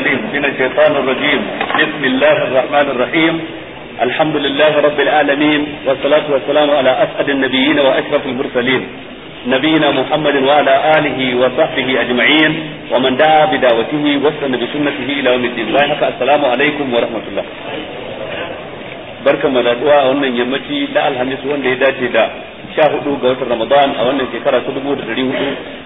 العليم من الشيطان الرجيم بسم الله الرحمن الرحيم الحمد لله رب العالمين والصلاة والسلام على أسعد النبيين وأشرف المرسلين نبينا محمد وعلى آله وصحبه أجمعين ومن دعا بدعوته واستنى بسنته إلى يوم الدين السلام عليكم ورحمة الله بركة مدعوة أن يمتي لا الهمس وأن يداتي دا 14 ga watan Ramadan a wannan shekara ta dubu da da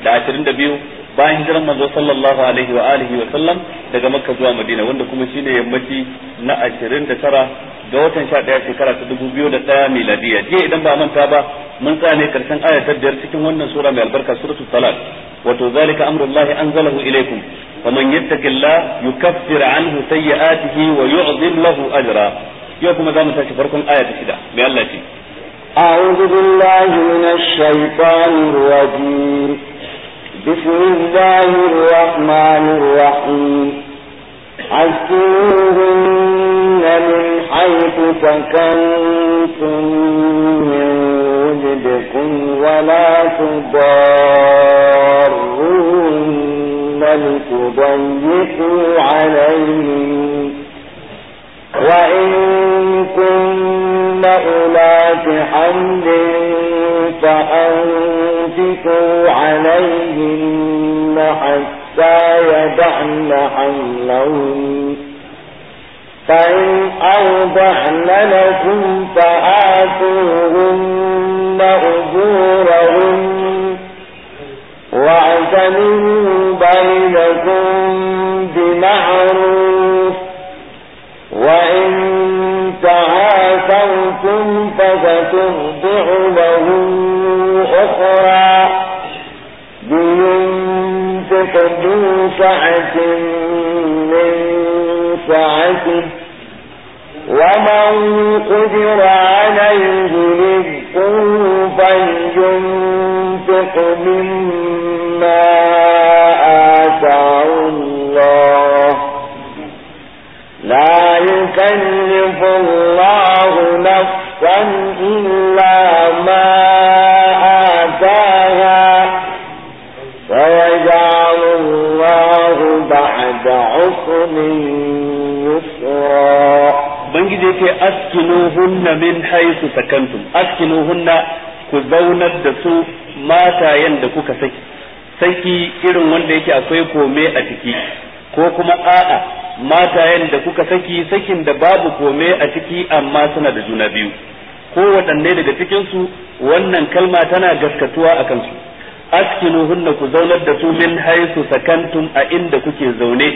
da ashirin biyu bayan hijiran manzo sallallahu alaihi wa alihi wa sallam daga Makka zuwa Madina wanda kuma shine yammaci na ashirin da tara ga watan 11 shekara ta dubu biyu da 2001 miladiya je idan ba manta ba mun tsane karshen aya ta biyar cikin wannan sura mai albarka suratul talaq wato zalika amrullahi anzalahu ilaikum ومن يتق الله يكفر عنه سيئاته ويعظم له اجرا يوم كما زعمت فرقم ايه 6 بيان الله أعوذ بالله من الشيطان الرجيم بسم الله الرحمن الرحيم عسوهن من حيث سكنتم من وجدكم ولا تضارون لتضيقوا عليهم وإن كنتم محصنات حمل فأنفقوا عليهن حتى يدعن حملهن فإن أوضحن لكم فآتوهن أجورهن واعتمروا بينكم ترضع لهم أخرى بمن تفدوا سعة haisu sakantum askinuhunna ku zaunar da su matayen da kuka saki saki irin wanda yake akwai kome a ciki ko kuma a'a matayen da kuka saki sakin da babu kome a ciki amma suna da juna biyu ko waɗanne daga cikinsu wannan kalma tana gaskatuwa a kansu askinuhunna ku zaunar da su min haisu sakantum a inda kuke zaune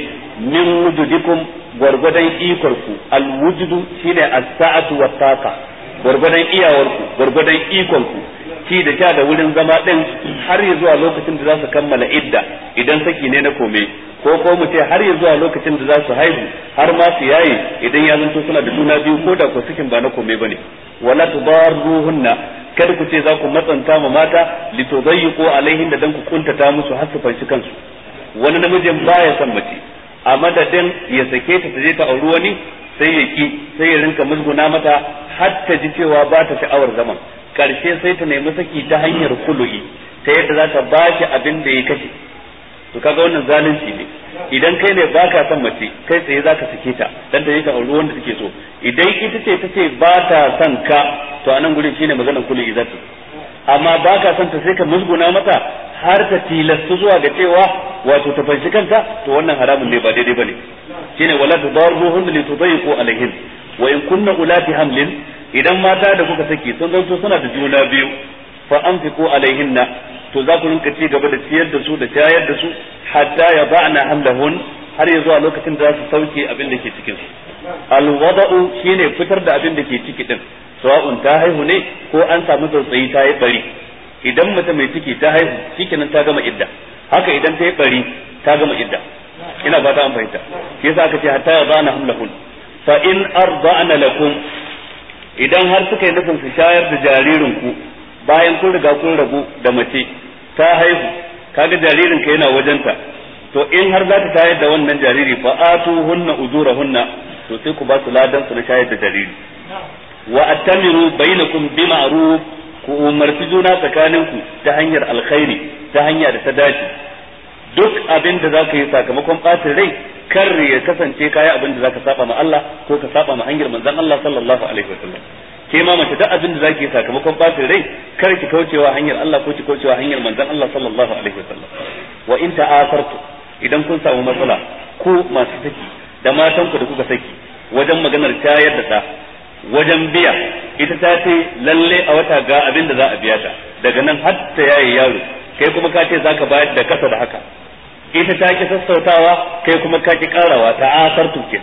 min wujudikum gwargwadon ikonku alwujudu shine a saatu wa saqa gwargwadon iyawarku gwargwadon ikonku ki da ta da wurin zama din har ya zuwa lokacin da za su kammala idda idan saki ne na kome ko ko mu ce har ya zuwa lokacin da za su haihu har ma su yaye idan ya zanto suna da juna biyu ko da ko sakin ba na kome bane wala tudarruhunna kada ku ce za ku matsanta ma mata litudayyiqu alaihin da dan ku kuntata musu har su fanci kansu wani namijin baya son mace a madadin ya sake ta ta je ta auri wani sai ya ki sai ya rinka musguna mata har ta ji cewa ba ta sha'awar zaman karshe sai ta nemi saki ta hanyar kulu'i ta yadda za ta ba shi abin da ya kashe to kaga wannan zalunci ne idan kai ne baka son mace kai tsaye za ka sake ta dan ta yi ka auri wanda take so idan ita ce ta ce ba ta son ka to anan gurin shine maganar kulu'i ta amma baka son ta sai ka musguna mata har ta tilasta zuwa ga cewa wato ta fanshi kanta to wannan haramun ne ba daidai bane shine wala tudarruhun li tudayqu alaihin wa in kunna ulati hamlin idan mata da kuka saki sun zanto suna da juna biyu fa anfiqu alaihinna to za ku rinka ci gaba da ciyar da su da tayar da su hatta ya ba'na hamlahun har ya zuwa lokacin da za su sauke abin da ke cikin su alwada'u shine fitar da abin da ke ciki din sawa'un ta haihu ne ko an samu tsautsayi ta yi bari idan mace mai ciki ta haihu shikenan ta gama idda haka idan ta yi bari ta gama idda ina ba ta an fahimta yasa aka ce hatta ya bana hamlahun fa in arda'na lakum idan har suka yi nufin su shayar da jaririn ku bayan kun riga kun rabu da mace ta haihu kaga jaririn ka yana wajen ta to in har za ta tayar da wannan jariri fa atu hunna uzurahunna to sai ku ba su ladan su na shayar da jariri wa atamiru bainakum bi maru. ku umarci juna tsakaninku ta hanyar alkhairi ta hanya da ta dace duk abin da zaka yi sakamakon ɓatin rai kar ya kasance kayi abin da ka saba ma Allah ko ka saba ma hanyar manzon Allah sallallahu alaihi wasallam ke ma mace duk abin da zaki yi sakamakon ɓatin rai kar ki kaucewa hanyar Allah ko ki kaucewa hanyar manzon Allah sallallahu alaihi wasallam wa in ta'asartu idan kun samu matsala ko masu saki da matanku da kuka saki wajen maganar tayar da ta. wajen biya ita ta ce lalle a wata ga abin da za a biya ta daga nan har ta yayi yaro kai kuma ka ce za ka bayar da kasa da haka ita ta ki sassautawa kai kuma ka ki karawa ta asar tuke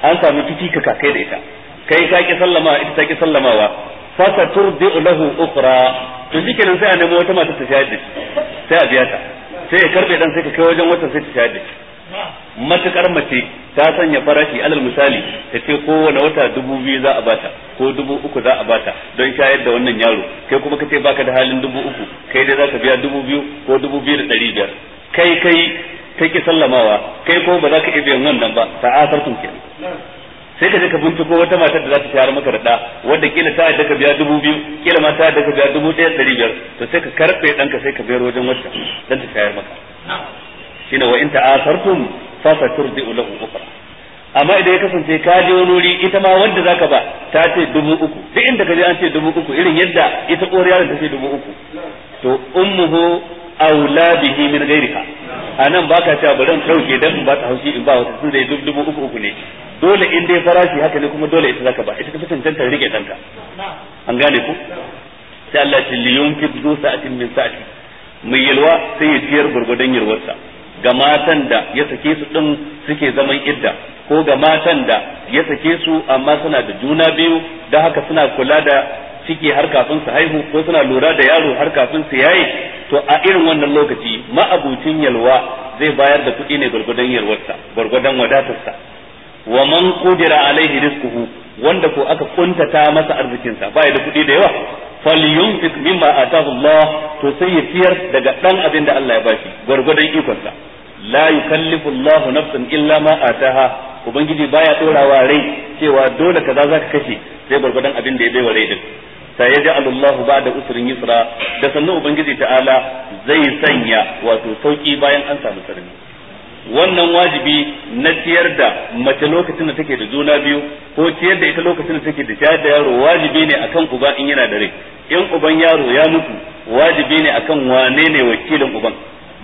an samu kici ka kai da ita kai ka ki sallama ita ta ki sallamawa fasa turdi lahu ukhra to nan sai a nemo wata mata ta shahadi sai a biya ta sai ya karbe dan sai ka kai wajen wata sai ta shi. matukar mace ta sanya farashi alal misali ta ce kowane wata dubu biyu za a bata ko dubu uku za a bata don shayar da wannan yaro kai kuma ka ce baka da halin dubu uku kai dai za ka biya dubu biyu ko dubu biyu da ɗari biyar kai kai ta ki sallamawa kai ko ba za ka iya biyan wannan ba ta asartun ke sai ka je ka binciko wata matar da za ta shayar maka da ɗa wadda kila ta yadda ka biya dubu biyu kila ma ta yadda ka biya dubu ɗaya ɗari biyar to sai ka karɓe ɗanka sai ka biyar wajen wata don ta shayar maka shine wa in ta'asartum fa saturdi'u lahu ukhra amma idan ya kasance ka je wani wuri ita ma wanda zaka ba ta ce dubu uku duk inda ka je an ce dubu uku irin yadda ita koriya ta ce dubu uku to ummuhu auladihi min ghairiha anan baka cewa bari in dauke dan in ba ta haushi in ba wata tun dai dubu uku uku ne dole in dai farashi haka ne kuma dole ita zaka ba ita ta rike danka an gane ku sai Allah ya liyunki dusa zu sa'atin min sa'ati mai yalwa sai ya tiyar gurgudan yalwarsa ga matan da ya sake su din suke zaman idda ko ga matan da ya sake su amma suna da juna biyu da haka suna kula da ciki har kafin su haihu ko suna lura da yaro har kafin su yaye to a irin wannan lokaci ma'abucin yalwa zai bayar da kuɗi ne gwargwadon yalwarsa gwargwadon wadatarsa wa man qudira alaihi rizquhu wanda ko aka kuntata masa arzikinsa ba ya da kuɗi da yawa falyunfiq mimma atahu Allah to sai ya fiyar daga dan abin da Allah ya bashi gwargwadon ikonsa la yukallifu Allah nafsan illa ma ataha ubangiji baya dorawa rai cewa dole kaza zaka kashe sai gwargwadon abin da ya baiwa rai din sai yaja Allah ba'da usrin yusra da sannan ubangiji ta'ala zai sanya wato sauki bayan an samu sarni wannan wajibi na ciyar da mace lokacin da take da juna biyu ko ciyar da ita lokacin da take da shayar yaro wajibi ne akan uba in yana da rai in uban yaro ya mutu wajibi ne akan wane ne wakilin uban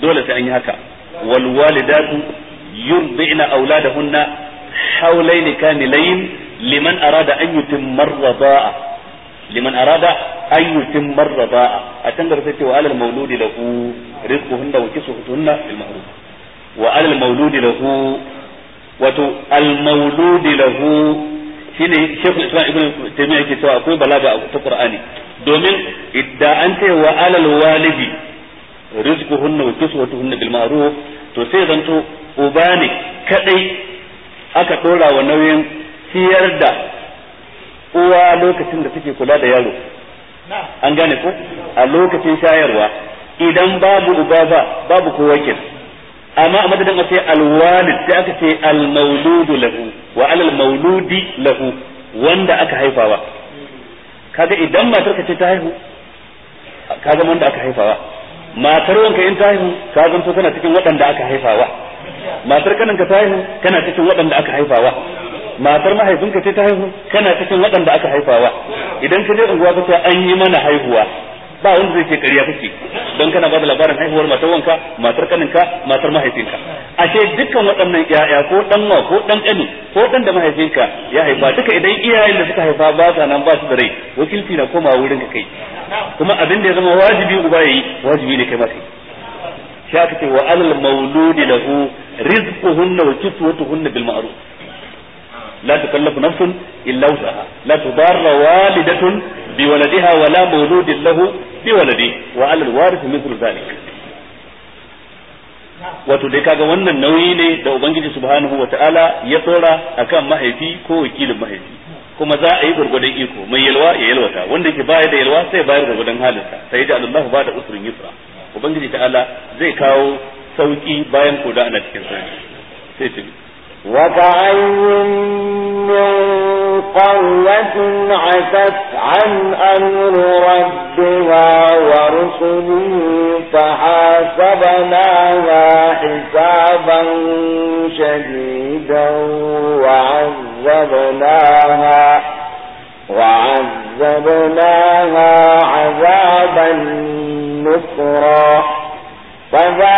dole sai an yi haka wal walidatu yurdina auladahunna hawlayn kamilayn liman arada an yutimma ar liman arada an yutimma ar a tangar sai ce alal mauludi lahu rizquhunna wa kisuhunna bil ma'ruf wa al mauludi lahu wato al mauludi lahu shine shekul islam ibn taymiya yake cewa akwai balaga ta qur'ani domin idda an ce wa alal walidi rizquhunna wa kiswatuhunna bil ma'ruf to sai zanto uba ne kadai aka dora wa nauyin ciyar da uwa lokacin da take kula da yaro an gane ko a lokacin shayarwa idan babu uba ba babu kowa kenan amma a madadin a ce alwalid sai aka ce almauludu lahu wa alal mauludi lahu wanda aka haifawa kaga idan matar ka ce ta haihu kaga wanda aka haifawa matar wanka in ta haihu kaga to kana cikin wadanda aka haifawa matar ka ta haihu kana cikin wadanda aka haifawa matar mahaifinka ce ta haihu kana cikin wadanda aka haifawa idan ka je unguwa ka ce an yi mana haihuwa ba wanda zai ce ƙarya kake don kana ba da labarin haihuwar matar wanka matar kaninka matar mahaifinka ashe dukkan waɗannan yaya ko dan wa ko dan ƙani ko dan da mahaifinka ya haifa duka idan iyayen da suka haifa ba sa nan ba su da rai wakilci na koma wurin ka kai kuma abin da ya zama wajibi uba yi wajibi ne kai ma kai shi aka ce wa alal mauludi lahu rizquhunna wa kiswatuhunna bil ma'ruf la takallafu nafsun illa wusaha la tudarra walidatun bi waladiha wala mawludin lahu bi waladi wa alal warith wato dai kaga wannan nauyi ne da ubangiji subhanahu wataala ya tsora akan mahaifi ko wakilin mahaifi kuma za a yi gurgurdan iko mai yalwa ya yalwata wanda yake baya da yalwa sai bayar gurgurdan halinsa sai da Allah ba da usrun yusra ubangiji ta'ala zai kawo sauki bayan koda ana cikin sai وكأين من قرية عتت عن أمر ربها ورسله فحاسبناها حسابا شديدا وعذبناها وعذبناها عذابا نكرا فذا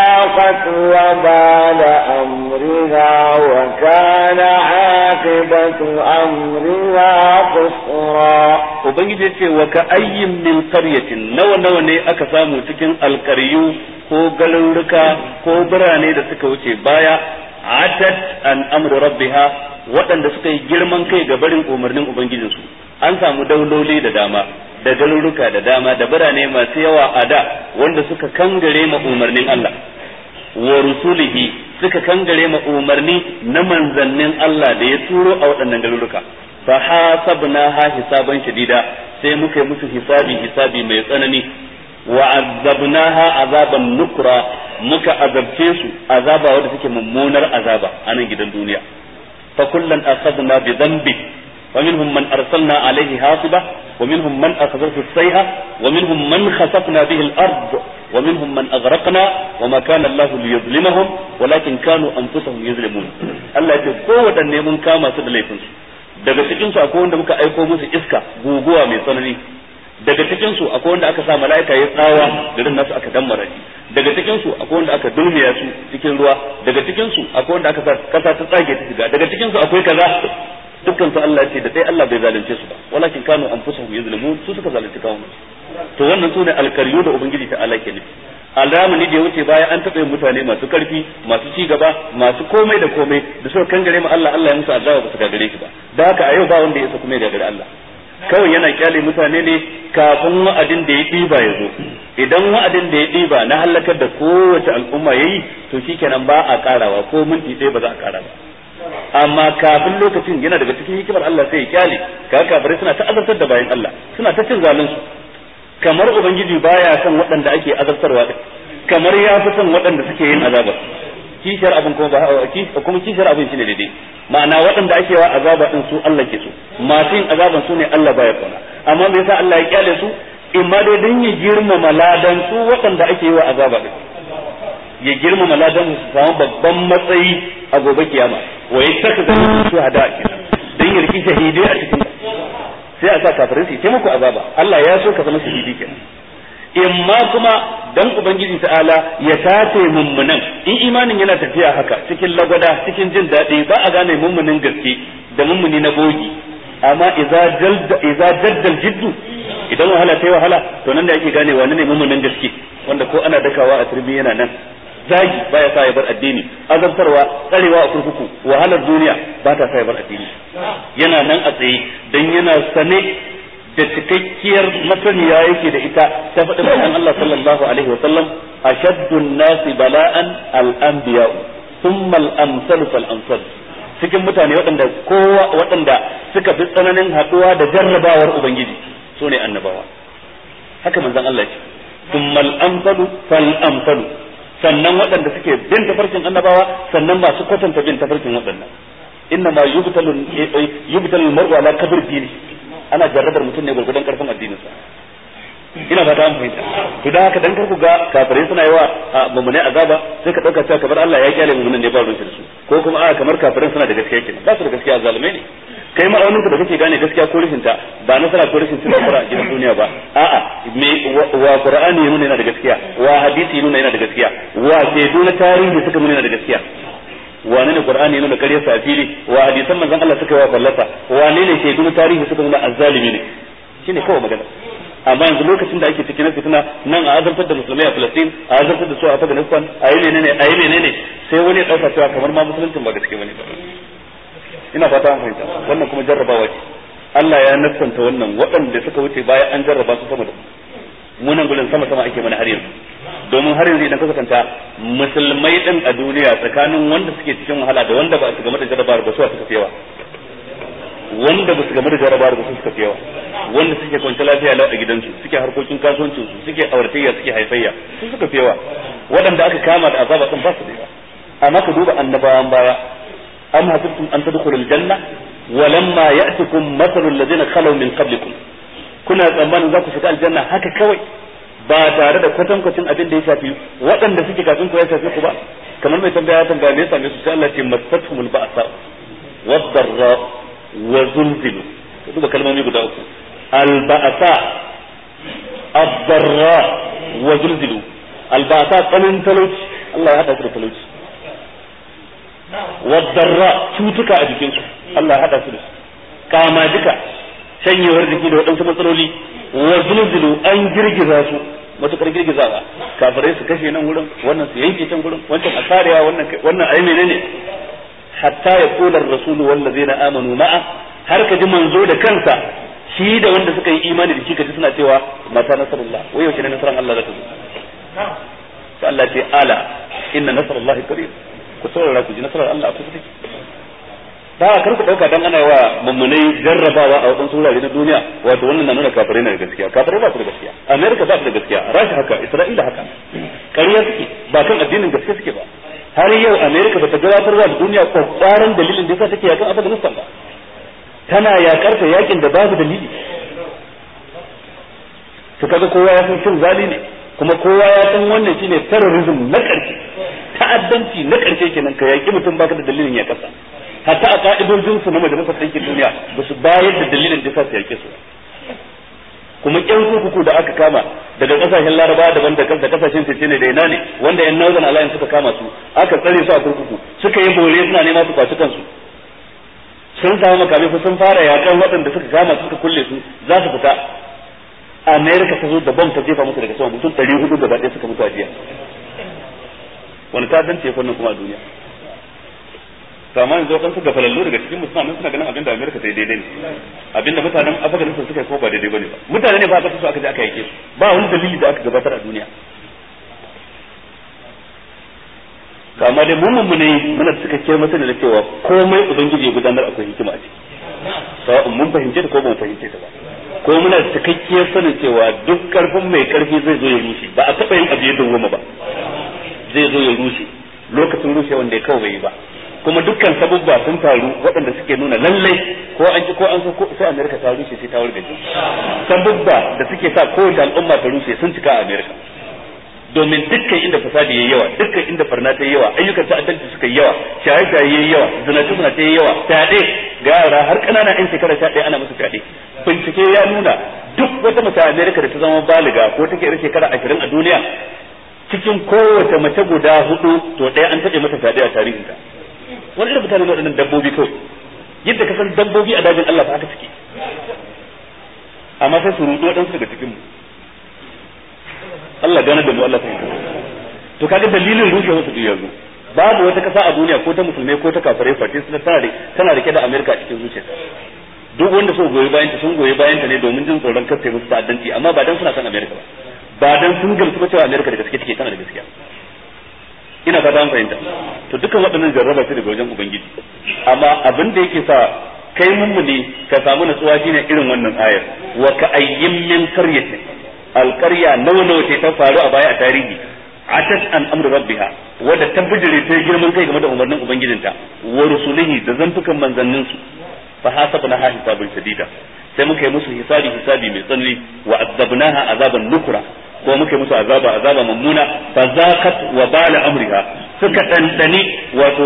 فذاقت وبال أمرها وكان عاقبة أمرها خسرا وبنجد nawa وكأي من قرية نو نو ني ko galuruka ko birane da suka wuce baya atat an amru rabbiha waɗanda suka yi girman kai ga barin umarnin ubangijinsu an samu dauloli da dama da garuruka da dama da birane masu yawa a da wanda suka kangare ma umarnin Allah wa rusulihi suka kangare ma umarni na manzannin Allah da ya turo a waɗannan garuruka fa hasabna ha hisaban shadida sai muka yi musu hisabi hisabi mai tsanani wa azabnaha azaban nukra muka azabce su azaba wanda suke mummunar azaba a nan gidan duniya fa kullan akhadna bi dhanbi ومنهم من wa عليه حاصبة ومنهم من wa الصيحة ومنهم من خسفنا به الأرض ومنهم من أغرقنا وما كان الله ليظلمهم ولكن كانوا أنفسهم يظلمون الله يقول أن يمن كما سدليكم daga cikin su akwai wanda muka aiko musu iska guguwa mai tsanani daga cikin su akwai wanda aka sa mala'ika ya tsawa garin nasu aka dammara shi daga cikin su akwai wanda aka dulmiya su cikin ruwa daga cikin su akwai wanda aka kasa ta tsage ta shiga daga cikin su akwai kaza dukkan su Allah ce da sai Allah bai zalunce su ba walakin kanu anfusahum yuzlimun su suka zalunci kawun to wannan sune alkaryu da ubangiji ta Allah ke nufi ni da ya wuce baya an taɓa mutane masu karfi masu ci gaba masu komai da komai da suka kangare ma Allah Allah ya musu azaba ba su gagare shi ba da haka a yau ba wanda ya saku kuma ya gagare Allah kawai yana kyale mutane ne kafin wa'adin da ya ɗiba ya zo idan wa'adin da ya ɗiba na halakar da kowace al'umma ya yi to shikenan ba a karawa ko minti ɗaya ba za a kara ba amma kafin lokacin yana daga cikin hikimar Allah sai ya kyale ka kafare suna ta azartar da bayan Allah suna ta cin zalunsu kamar ubangiji baya son waɗanda ake azartarwa kamar ya fi son waɗanda suke yin azabar kishiyar abin kuma ba kuma kishiyar abin shine daidai ma'ana waɗanda ake wa azaba din su Allah ke so masu yin azaban su ne Allah baya kona amma me yasa Allah ya kyale su ma dai dan ya girmama ladan su waɗanda ake yi wa azaba din ya girmama ladan su samu babban matsayi a gobe kiyama wa ya a shuhada dan ya riki shahidai a cikin sai a sa kafirin su ce muku azaba Allah ya so ka zama shahidi kenan imma kuma dan ubangiji ta'ala ya tace mummunan in imanin yana tafiya haka cikin lagwada cikin jin daɗi ba a gane mummunan gaske da mummuni na bogi amma idza jaddal jiddu idan wahala ta yi wahala to nan da ake gane wani ne mummunan gaske wanda ko ana dakawa a turbi yana nan zagi baya sa ya bar addini azabtarwa tsarewa a kurkuku wahalar duniya ba ta sa ya bar addini yana nan a tsaye dan yana sane da cikakkiyar masaniya yake da ita ta faɗi bayan Allah sallallahu alaihi wa sallam ashaddun nasi bala'an al-anbiya thumma al-amsal fal-amsal cikin mutane waɗanda kowa waɗanda suka fi tsananin haɗuwa da jarrabawar ubangiji su ne annabawa haka manzon Allah ce thumma al-amsal fal-amsal sannan waɗanda suke bin tafarkin annabawa sannan masu kwatanta bin tafarkin waɗannan inna ma yubtalu eh, eh, yubtalu mar'u ala kabir dini ana jarrabar mutum ne gurgudan karfin sa. ina fata an fahimta to da haka dan karku ga kafirai suna yawa mumune azaba sai ka dauka cewa kamar Allah ya kyale mumunan ne ba ruwan su ko kuma a kamar kafirai suna da gaskiya kenan ba su da gaskiya zalume ne kai ma'aunin ka da kake gane gaskiya ko rashin ta ba nasara ko rashin cin nasara a duniya ba a'a me wa qur'ani ya nuna yana da gaskiya wa hadisi ya nuna yana da gaskiya wa shaidu na tarihi suka nuna yana da gaskiya wane ne qur'ani ya nuna ƙarya sa fili wa hadisan manzon Allah suka yi wa fallasa wane ne shaidu na tarihi suka nuna azzalimi ne shine kawai magana amma yanzu lokacin da ake cikin na fitina nan a azurfar da musulmai a filistin a azurfar da su a Afghanistan a yi menene a yi menene sai wani ya cewa kamar ma musuluncin ba gaske ba ina fata an fahimta wannan kuma jarrabawa ce Allah ya nassanta wannan waɗanda suka wuce baya an jarraba su sama da mu gudun sama sama ake mana har yanzu domin har yanzu idan ka kasanta musulmai ɗin a duniya tsakanin wanda suke cikin wahala da wanda ba su game da jarrabawar ba su suka fi yawa wanda ba su game da jarabawar ba suka fi yawa wanda suke kwanci lafiya lau a gidansu suke harkokin kasuwancin su suke auratayya suke haifayya su suka fi yawa waɗanda aka kama da azaba sun ba su da yawa amma ka duba annabawan baya am hasibtum an tadkhulul janna walamma ya'tikum mathalul ladina khalaw min qablikum kuna tsammanin za ku shiga aljanna haka kawai ba tare da kwatankwacin abin da ya shafi waɗanda suke kafin ku ya shafi ku ba kamar mai tambaya ya tambaya me yasa me su sai Allah ce masatumul ba'sa wad-dharra wa zulzilu duba kalmomi guda uku Albasa. abdarra wa zulzilu talauci Allah ya hada su da talauci a jikinsu Allah ya hada su da kama jiki da matsaloli wa an girgiza matukar girgiza kafirai su kashe nan wannan su yanke can wancan a wannan wannan ai menene hatta ya kula rasulu na amanu ma'a har ka ji manzo da kansa shi da wanda suka yi imani da shi ji suna cewa mata nasarullah wai yaushe ne nasaran Allah za ta zo Allah ce ala inna nasrullahi qarib ku saurara ku ji nasarar Allah a kusa take da kar ku dauka dan ana wa mummunai jarrabawa a wadansu wurare na duniya wato wannan na nuna kafirai na gaskiya kafirai ba su da gaskiya America ba su da gaskiya Rasha haka Isra'ila haka ƙarya suke ba kan addinin gaskiya suke ba har yau america bata gabatar da duniya ko tsaron dalilin da yasa take yakan afghanistan ba tana yakar ta yakin da babu dalili to kaga kowa ya san cin zali ne kuma kowa ya san wannan shine terrorism na karshe ta'addanci na karshe kenan ka yaki mutum baka da dalilin ya kasa hatta a ka'idojin su na majalisar ɗinkin duniya ba su bayar da dalilin da yasa su yake su kuma yan kurkuku da aka kama daga kasashen laraba daban da kasashen sace ne da ina ne wanda yan northern alliance suka kama su aka tsare su a kurkuku suka yi bore suna nema su kwaci kansu sun samu su sun fara yakan waɗanda suka kama suka kulle su za su fita america ta zo da bom ta jefa musu daga sama mutum ɗari hudu gaba ɗaya suka mutu a jiya wani ta dance fannin kuma a duniya to amma yanzu wadansu ga falallo daga cikin musulman suna ganin abinda Amerika sai daidai ne abinda mutanen Afghanistan suka ko ba daidai bane ba mutane ne ba aka su aka je aka yake su ba wani dalili da aka gabatar a duniya to da dai mu mun ne muna suka ce masa da cewa komai ubangiji ya gudanar akwai hikima a ciki sawa'un mun fahimce ta ko ban fahimce ta ba ko muna cikakkiyar sanin cewa duk karfin mai karfi zai zo ya rushe ba a taɓa yin abu ya dawoma ba zai zo ya rushe lokacin rushe wanda ya kawai ba kuma dukkan sabubba sun taru waɗanda suke nuna lallai ko an ji ko an so sai Amerika ta rushe sai ta sabubba da suke sa kowace al'umma ta rushe sun cika a Amerika domin dukkan inda fasadi yayi yawa dukkan inda farna ta yawa ayyukan ta'addanci suka yi yawa shaye shaye yayi yawa zina zina ta yawa fyaɗe ga yara har kanana ɗan shekara ta ɗaya ana musu fyaɗe bincike ya nuna duk wata mace a Amerika da ta zama baliga ko take yar shekara ashirin a duniya cikin kowace mace guda hudu to ɗaya an taɓa mata fyaɗe a ta. wani irin mutane waɗannan dabbobi kawai yadda ka san dabbobi a dajin Allah ba haka suke amma sai su rudu waɗansu daga cikin mu Allah gane da mu Allah ta yi to kaga dalilin rushe wasu duk yanzu babu wata kasa a duniya ko ta musulmai ko ta kafirai face suna tana da tana rike da America a cikin zuciyarta duk wanda so goyi bayan ta sun goyi bayan ta ne domin jin tsoron kar ta musu ta'addanci amma ba dan suna san America ba ba dan sun gamsu ba cewa America da gaske take tana da gaskiya ina fata an fahimta to dukkan waɗannan jarraba su daga wajen ubangiji amma abin da yake sa kai mummuni ka samu nutsuwa shine irin wannan ayar wa ka ayyin min qaryatin alqarya nawa nawa ce ta faru a baya a tarihi atat an amru rabbiha wadda ta bijire ta girman kai game da umarnin ubangijinta wa rusulihi da zantukan manzannin su fa ha hisaban shadida sai muka yi musu hisabi hisabi mai tsanani wa azabnaha azaban nukra ko muke musu azaba azaba mummuna fa zaqat wa bala amriha suka dandani wato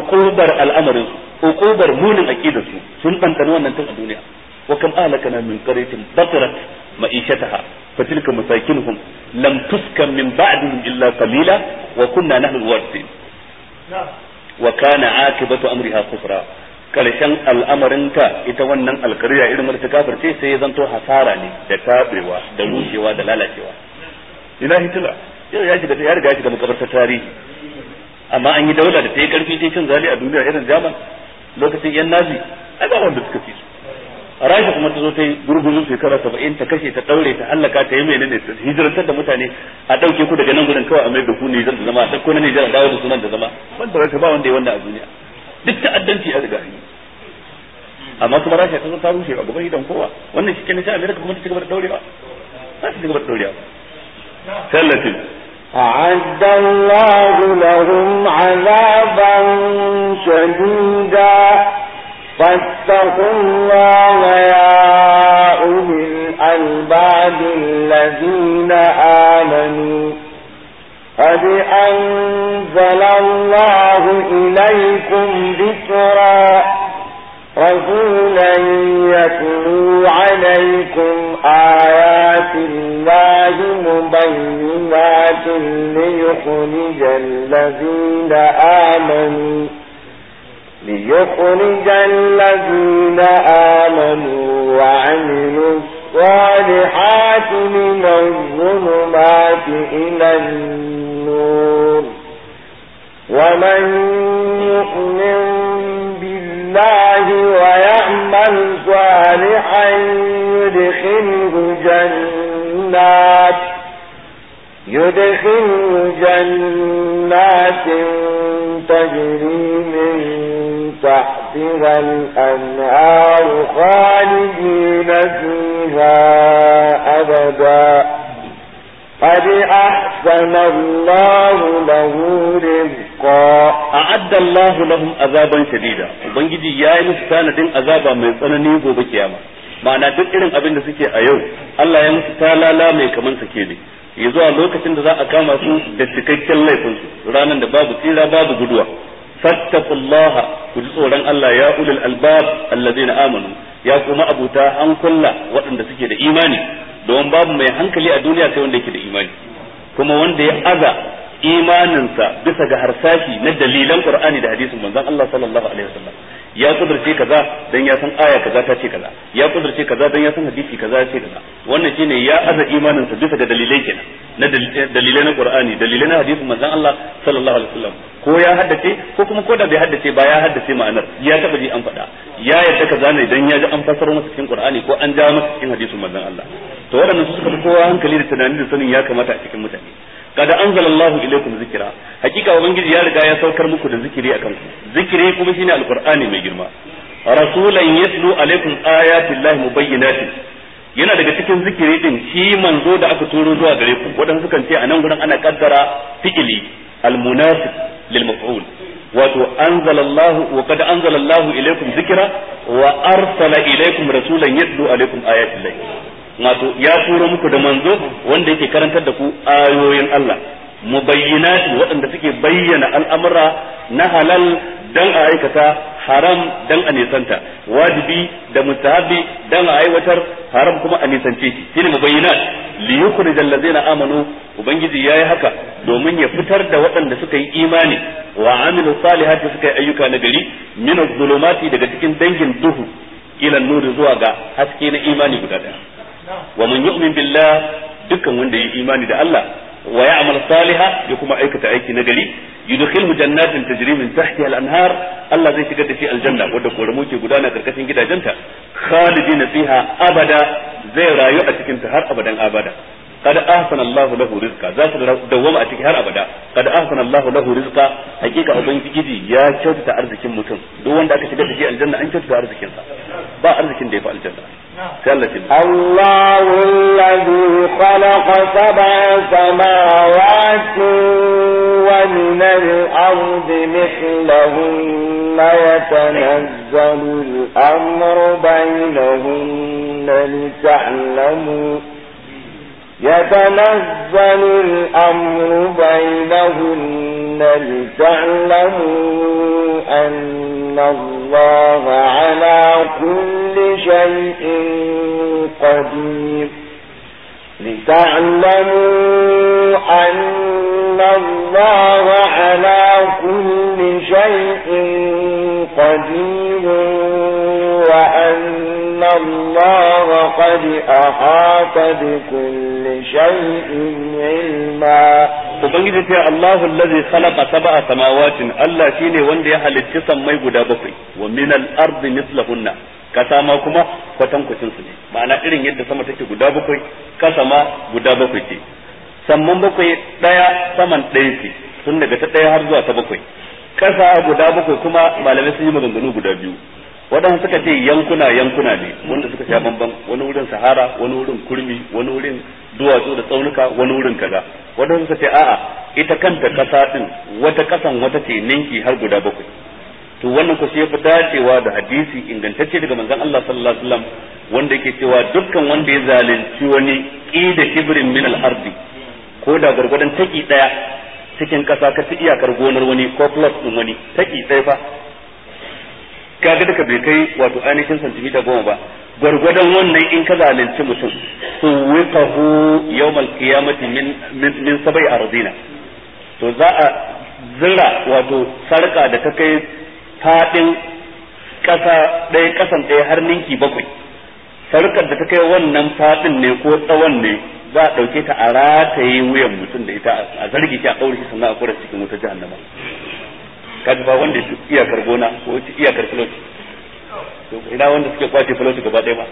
uqubar al'amarin uqubar munin aqidar su sun dandani wannan tun a duniya wa kam alakana min qaryatin batarat ma'ishataha fatilka masakinuhum lam tuskan min ba'dihim illa qalila wa kunna nahnu al-warithin wa kana amriha karshen al'amarinta ita wannan alkariya irin wanda ta kafirce sai ya zanto hasara ne da tabewa da rushewa da lalacewa ina hitila yau ya shiga ya riga ya shiga makabartar tarihi amma an yi daula da ta yi karfi ta cin zali a duniya irin jaman lokacin yan nazi ai ba wanda suka fi su rasha kuma ta zo ta yi gurgurin shekara saba'in ta kashe ta daure ta hallaka ta yi menene ta hijirantar da mutane a ɗauke ku daga nan gudun kawai a mai da ku ne zan da zama a ɗauko na ne zan dawo da sunan da zama ban da rasha ba wanda ya wanda a duniya duk ta'addanci ya riga amma kuma rasha ta zo ta rushe a gaban idan kowa wannan shi kenan sai amerika kuma ta cigaba da daurewa za ta cigaba da daurewa sallatin أعد الله لهم عذابا شديدا فاتقوا الله يا أولي الألباب الذين آمنوا قد أنزل الله إليكم ذكرا رسولا يتلو عليكم آيات الله مبينات ليخرج الذين آمنوا ليخرج الذين آمنوا وعملوا الصالحات من الظلمات إلى النور ومن يؤمن بالله ويعمل صالحا يدخله جنات يدخله جنات تجري من تحت تحتها الأنهار خالدين فيها أبدا قد أحسن الله له رزقا أعد الله لهم عذابا شديدا وبنجي يا مستاندين عذابا من سنني gobe kiyama ma'ana duk irin abin da suke a yau Allah ya musu talala mai kaman sake ne ya zuwa lokacin da za a kama su da cikakken laifinsu ranar da babu tsira babu guduwa fattaqullaha ku ji tsoron Allah ya ulul albab allah zai na amanu ya kuma abuta hankula waɗanda suke da imani domin babu mai hankali a duniya sai wanda yake da imani kuma wanda ya aga imaninsa bisa ga harsashi na dalilan Qur'ani da hadisin manzon Allah sallallahu alaihi wasallam ya kudurce kaza dan ya san aya kaza ta ce kaza ya kudurce kaza dan ya san hadisi kaza ta ce kaza wannan shine ya aza imanin sa bisa ga dalilai kenan na dalilai na Qur'ani dalilai na hadisin manzon Allah sallallahu alaihi wasallam ko ya haddace ko kuma ko da bai haddace ba ya haddace ma'anar ya taba ji an faɗa ya yadda kaza ne dan ya ji an fasaro masa cikin Qur'ani ko an ja masa cikin hadisin manzon Allah to waɗannan su suka fi kowa hankali da tunani da sanin ya kamata a cikin mutane kada anzalallahu ilaikum zikira hakika ubangiji ya riga ya saukar muku da zikiri akan ku zikiri kuma shine alqur'ani mai girma rasulan yatlu alaikum ayatillahi mubayyinatin yana daga cikin zikiri din shi manzo da aka turo zuwa gare ku wadanda sukan ce anan gurin ana kaddara fi'ili almunasib lil maf'ul wato anzalallahu wa kad anzalallahu ilaikum zikra wa arsala ilaikum rasulan yatlu alaikum ayatillahi wato ya turo muku da manzo wanda yake karantar da ku ayoyin Allah mubayyinatin waɗanda suke bayyana al'amura na halal dan a aikata haram dan a nisanta wajibi da mustahabi dan a aiwatar haram kuma a nisance shi shine mubayyinat li yukhrij allazina amanu ubangiji yayi haka domin ya fitar da waɗanda suka yi imani wa amilu salihati suka yi ayyuka na gari min daga cikin dangin duhu ila nuri zuwa ga haske na imani guda daya wa man yu'min billah dukkan wanda ya imani da Allah wa amala Saliha ya kuma aikata aiki na gari yudkhilhu jannatin tajri min tahtiha al-anhar Allah zai shigar da shi aljanna wanda koramo ke gudana karkashin gidajenta khalidina fiha abada zai rayu a cikin ta har abadan abada قد أحسن الله له رزقا ذات دوما أتيك هر أبدا قد أحسن الله له رزقا حقيقة أبين تجدي يا كوتة أرزك متن دوان داك تجد في الجنة أن كوتة أرزك با أرزك ديفا الجنة نعم. الله الذي خلق سبع سماوات ومن الأرض مثلهن يتنزل الأمر بينهن لتعلموا يتنزل الأمر بينهن لتعلموا أن الله على كل شيء قدير لتعلموا أن الله على كل شيء قدير الله قد أحاط بكل شيء علما Ubangiji ce Allahu allazi khalaqa sab'a samawatin Allah shine wanda ya halitta sammai guda bakwai wa min al-ardi mislahunna kasa ma kuma kwatankwacin su ne ma'ana irin yadda sama take guda bakwai kasa ma guda bakwai ce samman bakwai daya saman ɗaya ce tun daga ta daya har zuwa ta bakwai kasa guda bakwai kuma malamai sun yi maganganu guda biyu waɗanda suka ce yankuna yankuna ne wanda suka sha bamban wani wurin sahara wani wurin kurmi wani wurin duwatsu da tsaunuka wani wurin kaza waɗanda suka ce a'a ita kanta kasa din wata kasan wata ce ninki har guda bakwai to wannan ku sai fita dacewa da hadisi ingantacce daga manzon Allah sallallahu alaihi wasallam wanda yake cewa dukkan wanda ya zalunci wani qida kibrin min al-ardi ko da gargwadon taki daya cikin kasa ka ci iyakar gonar wani ko plus din wani taki daya fa kaga daga bai kai wato ainihin santimita goma ba gwargwadon wannan in ka zalunci mutum suwiqahu hu yau malkiya min, min sabai razina to za a zira wato sarka da ta kai fadin kasa ɗaya kasan ɗaya har ninki bakwai sarkar da ta kai wannan faɗin ne ko tsawon ne za a ɗauke ta a rataye wuyan mutum da ita a zargi shi a ɗaure shi sannan a kura cikin wuta jihannama kaji ba wanda su iyakar gona ko iyakar filoti to ina wanda suke kwace filoti gaba ɗaya ba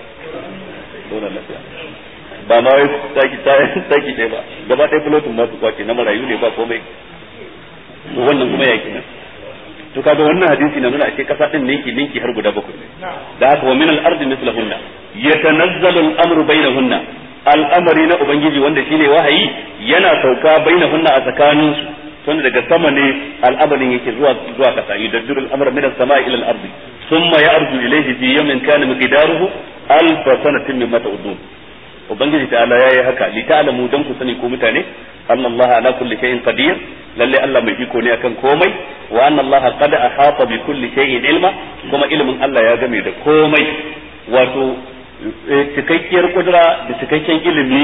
dole lafiya ba ma wai taki taki ɗaya ba gaba ɗaya filotin ma su kwace na marayu ne ba komai wannan kuma ya kenan to kaga wannan hadisi na nuna ake kasa din ninki ninki har guda bakwai da haka wa min al ardi mithluhunna yatanazzalu al amru bainahunna al'amari na ubangiji wanda shine wahayi yana sauka bainahunna a tsakaninsu tun daga sama ne al'amarin yake zuwa zuwa kasa yudabbiru al'amra min as-sama'i ila al-ardi thumma ya'rudu ilayhi fi yawmin kana miqdaruhu alf sanatin mimma ta'udun ubangiji ta'ala yayi haka li ta'lamu dan ku sani ko mutane anna Allah ala kulli shay'in qadir lalle Allah mai iko ne akan komai wa anna Allah qad ahata bi kulli shay'in ilma kuma ilimin Allah ya game da komai wato eh, cikakkiyar kudura da cikakken ilimi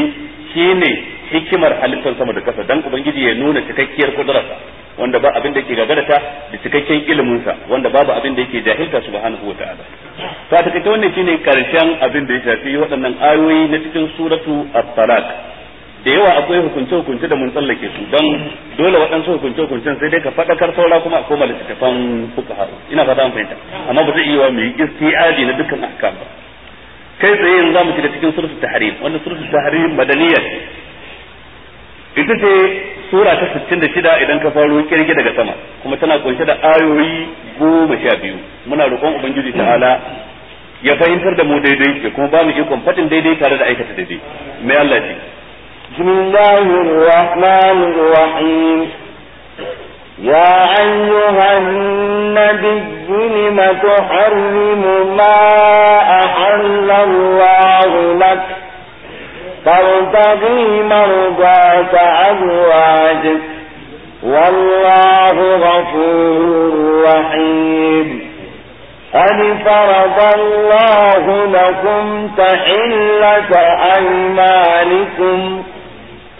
shine hikimar halittar sama da kasa dan ubangiji ya nuna cikakkiyar kudurarsa wanda ba abin da ke gagarata da cikakken iliminsa wanda babu abin da yake jahilta subhanahu wa ta'ala to a takaice wannan shine karshen abin da ya shafi waɗannan ayoyi na cikin suratu at-talaq da yawa akwai hukunce hukunce da mun tsallake su dan dole waɗansu hukunce hukuncen sai dai ka faɗakar saura kuma a koma littattafan fuqaha ina fata an fahimta amma ba zai iya wa mu yi istiadi na dukkan ahkam ba kai tsaye yanzu za mu shiga cikin suratu tahrim wannan suratu tahrim madaniya ita ce sura ta shida idan ka faro kirki daga sama kuma tana kunshe da ayoyi goma sha biyu muna roƙon ubangiji ta'ala ya fahimtar da mu daidai ya kuma ba ikon faɗin daidai tare da aikata daidai mai Allah ce يا أيها النبي لم تحرم ما أحل الله لك ترتضي مرضاك أزواج والله غفور رحيم أن فرض الله لكم تحلة أيمانكم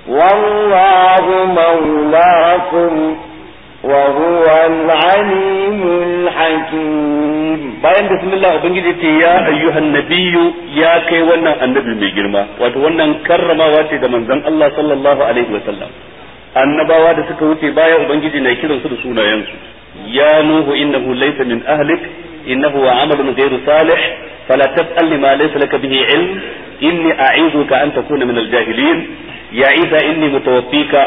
والله مولاكم وهو العليم الحكيم bayan bismillah ubangiji ce ya ayyuhan nabiyyu ya kai wannan annabi mai girma wato wannan karramawa ce da manzon Allah sallallahu alaihi wasallam annabawa da suka wuce bayan ubangiji na kiransu da sunayensu ya nuhu innahu laysa min ahlik innahu amalun ghairu salih fala tas'al lima laysa laka bihi ilm inni a'izuka an takuna min al ya isa inni mutawaffika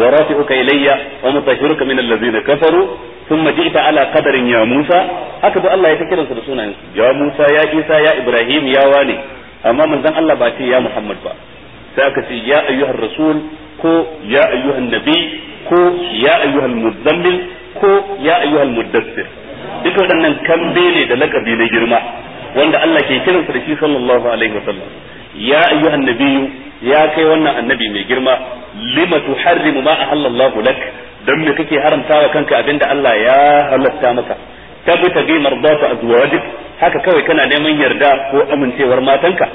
wa rafi'uka ilayya wa mutahhiruka min allazina kafaru thumma ji'ta ala qadarin ya Musa ala ba Allah ya kira su da sunan ya Musa ya Isa ya Ibrahim ya wani amma manzon Allah ba ce ya Muhammad ba sai aka ce ya ayyuhar rasul ko ya ayyuhan nabi ko ya ayyuhal muzammil ko ya ayyuhal muddassir duka waɗannan kambe ne da lakabi na girma wanda Allah ke kiransa da shi sallallahu alaihi wasallam ya ayyuhan nabiyyu ya kai wannan annabi mai girma lima tuharrimu ma ahallallahu lak dan me kake haramtawa kanka abinda Allah ya halatta maka tabbata bi mardatu azwajik haka kawai kana neman yarda ko amincewar matanka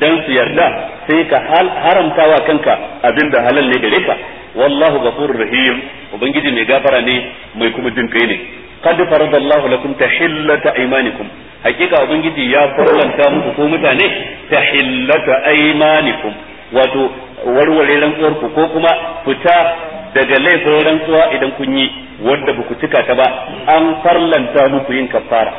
dan su yarda sai ka haramtawa kanka abinda halal ne gare ka wallahu ghafurur rahim ubangiji mai gafara ne mai kuma jin kai ne qad faradallahu lakum tahillata aymanikum hakika ubangiji ya farlanta muku ko mutane tahillata aymanikum wato warware rantsuwar ku ko kuma fita daga laifin rantsuwa idan kun yi wanda ba ku cika ta ba an farlanta muku yin kafara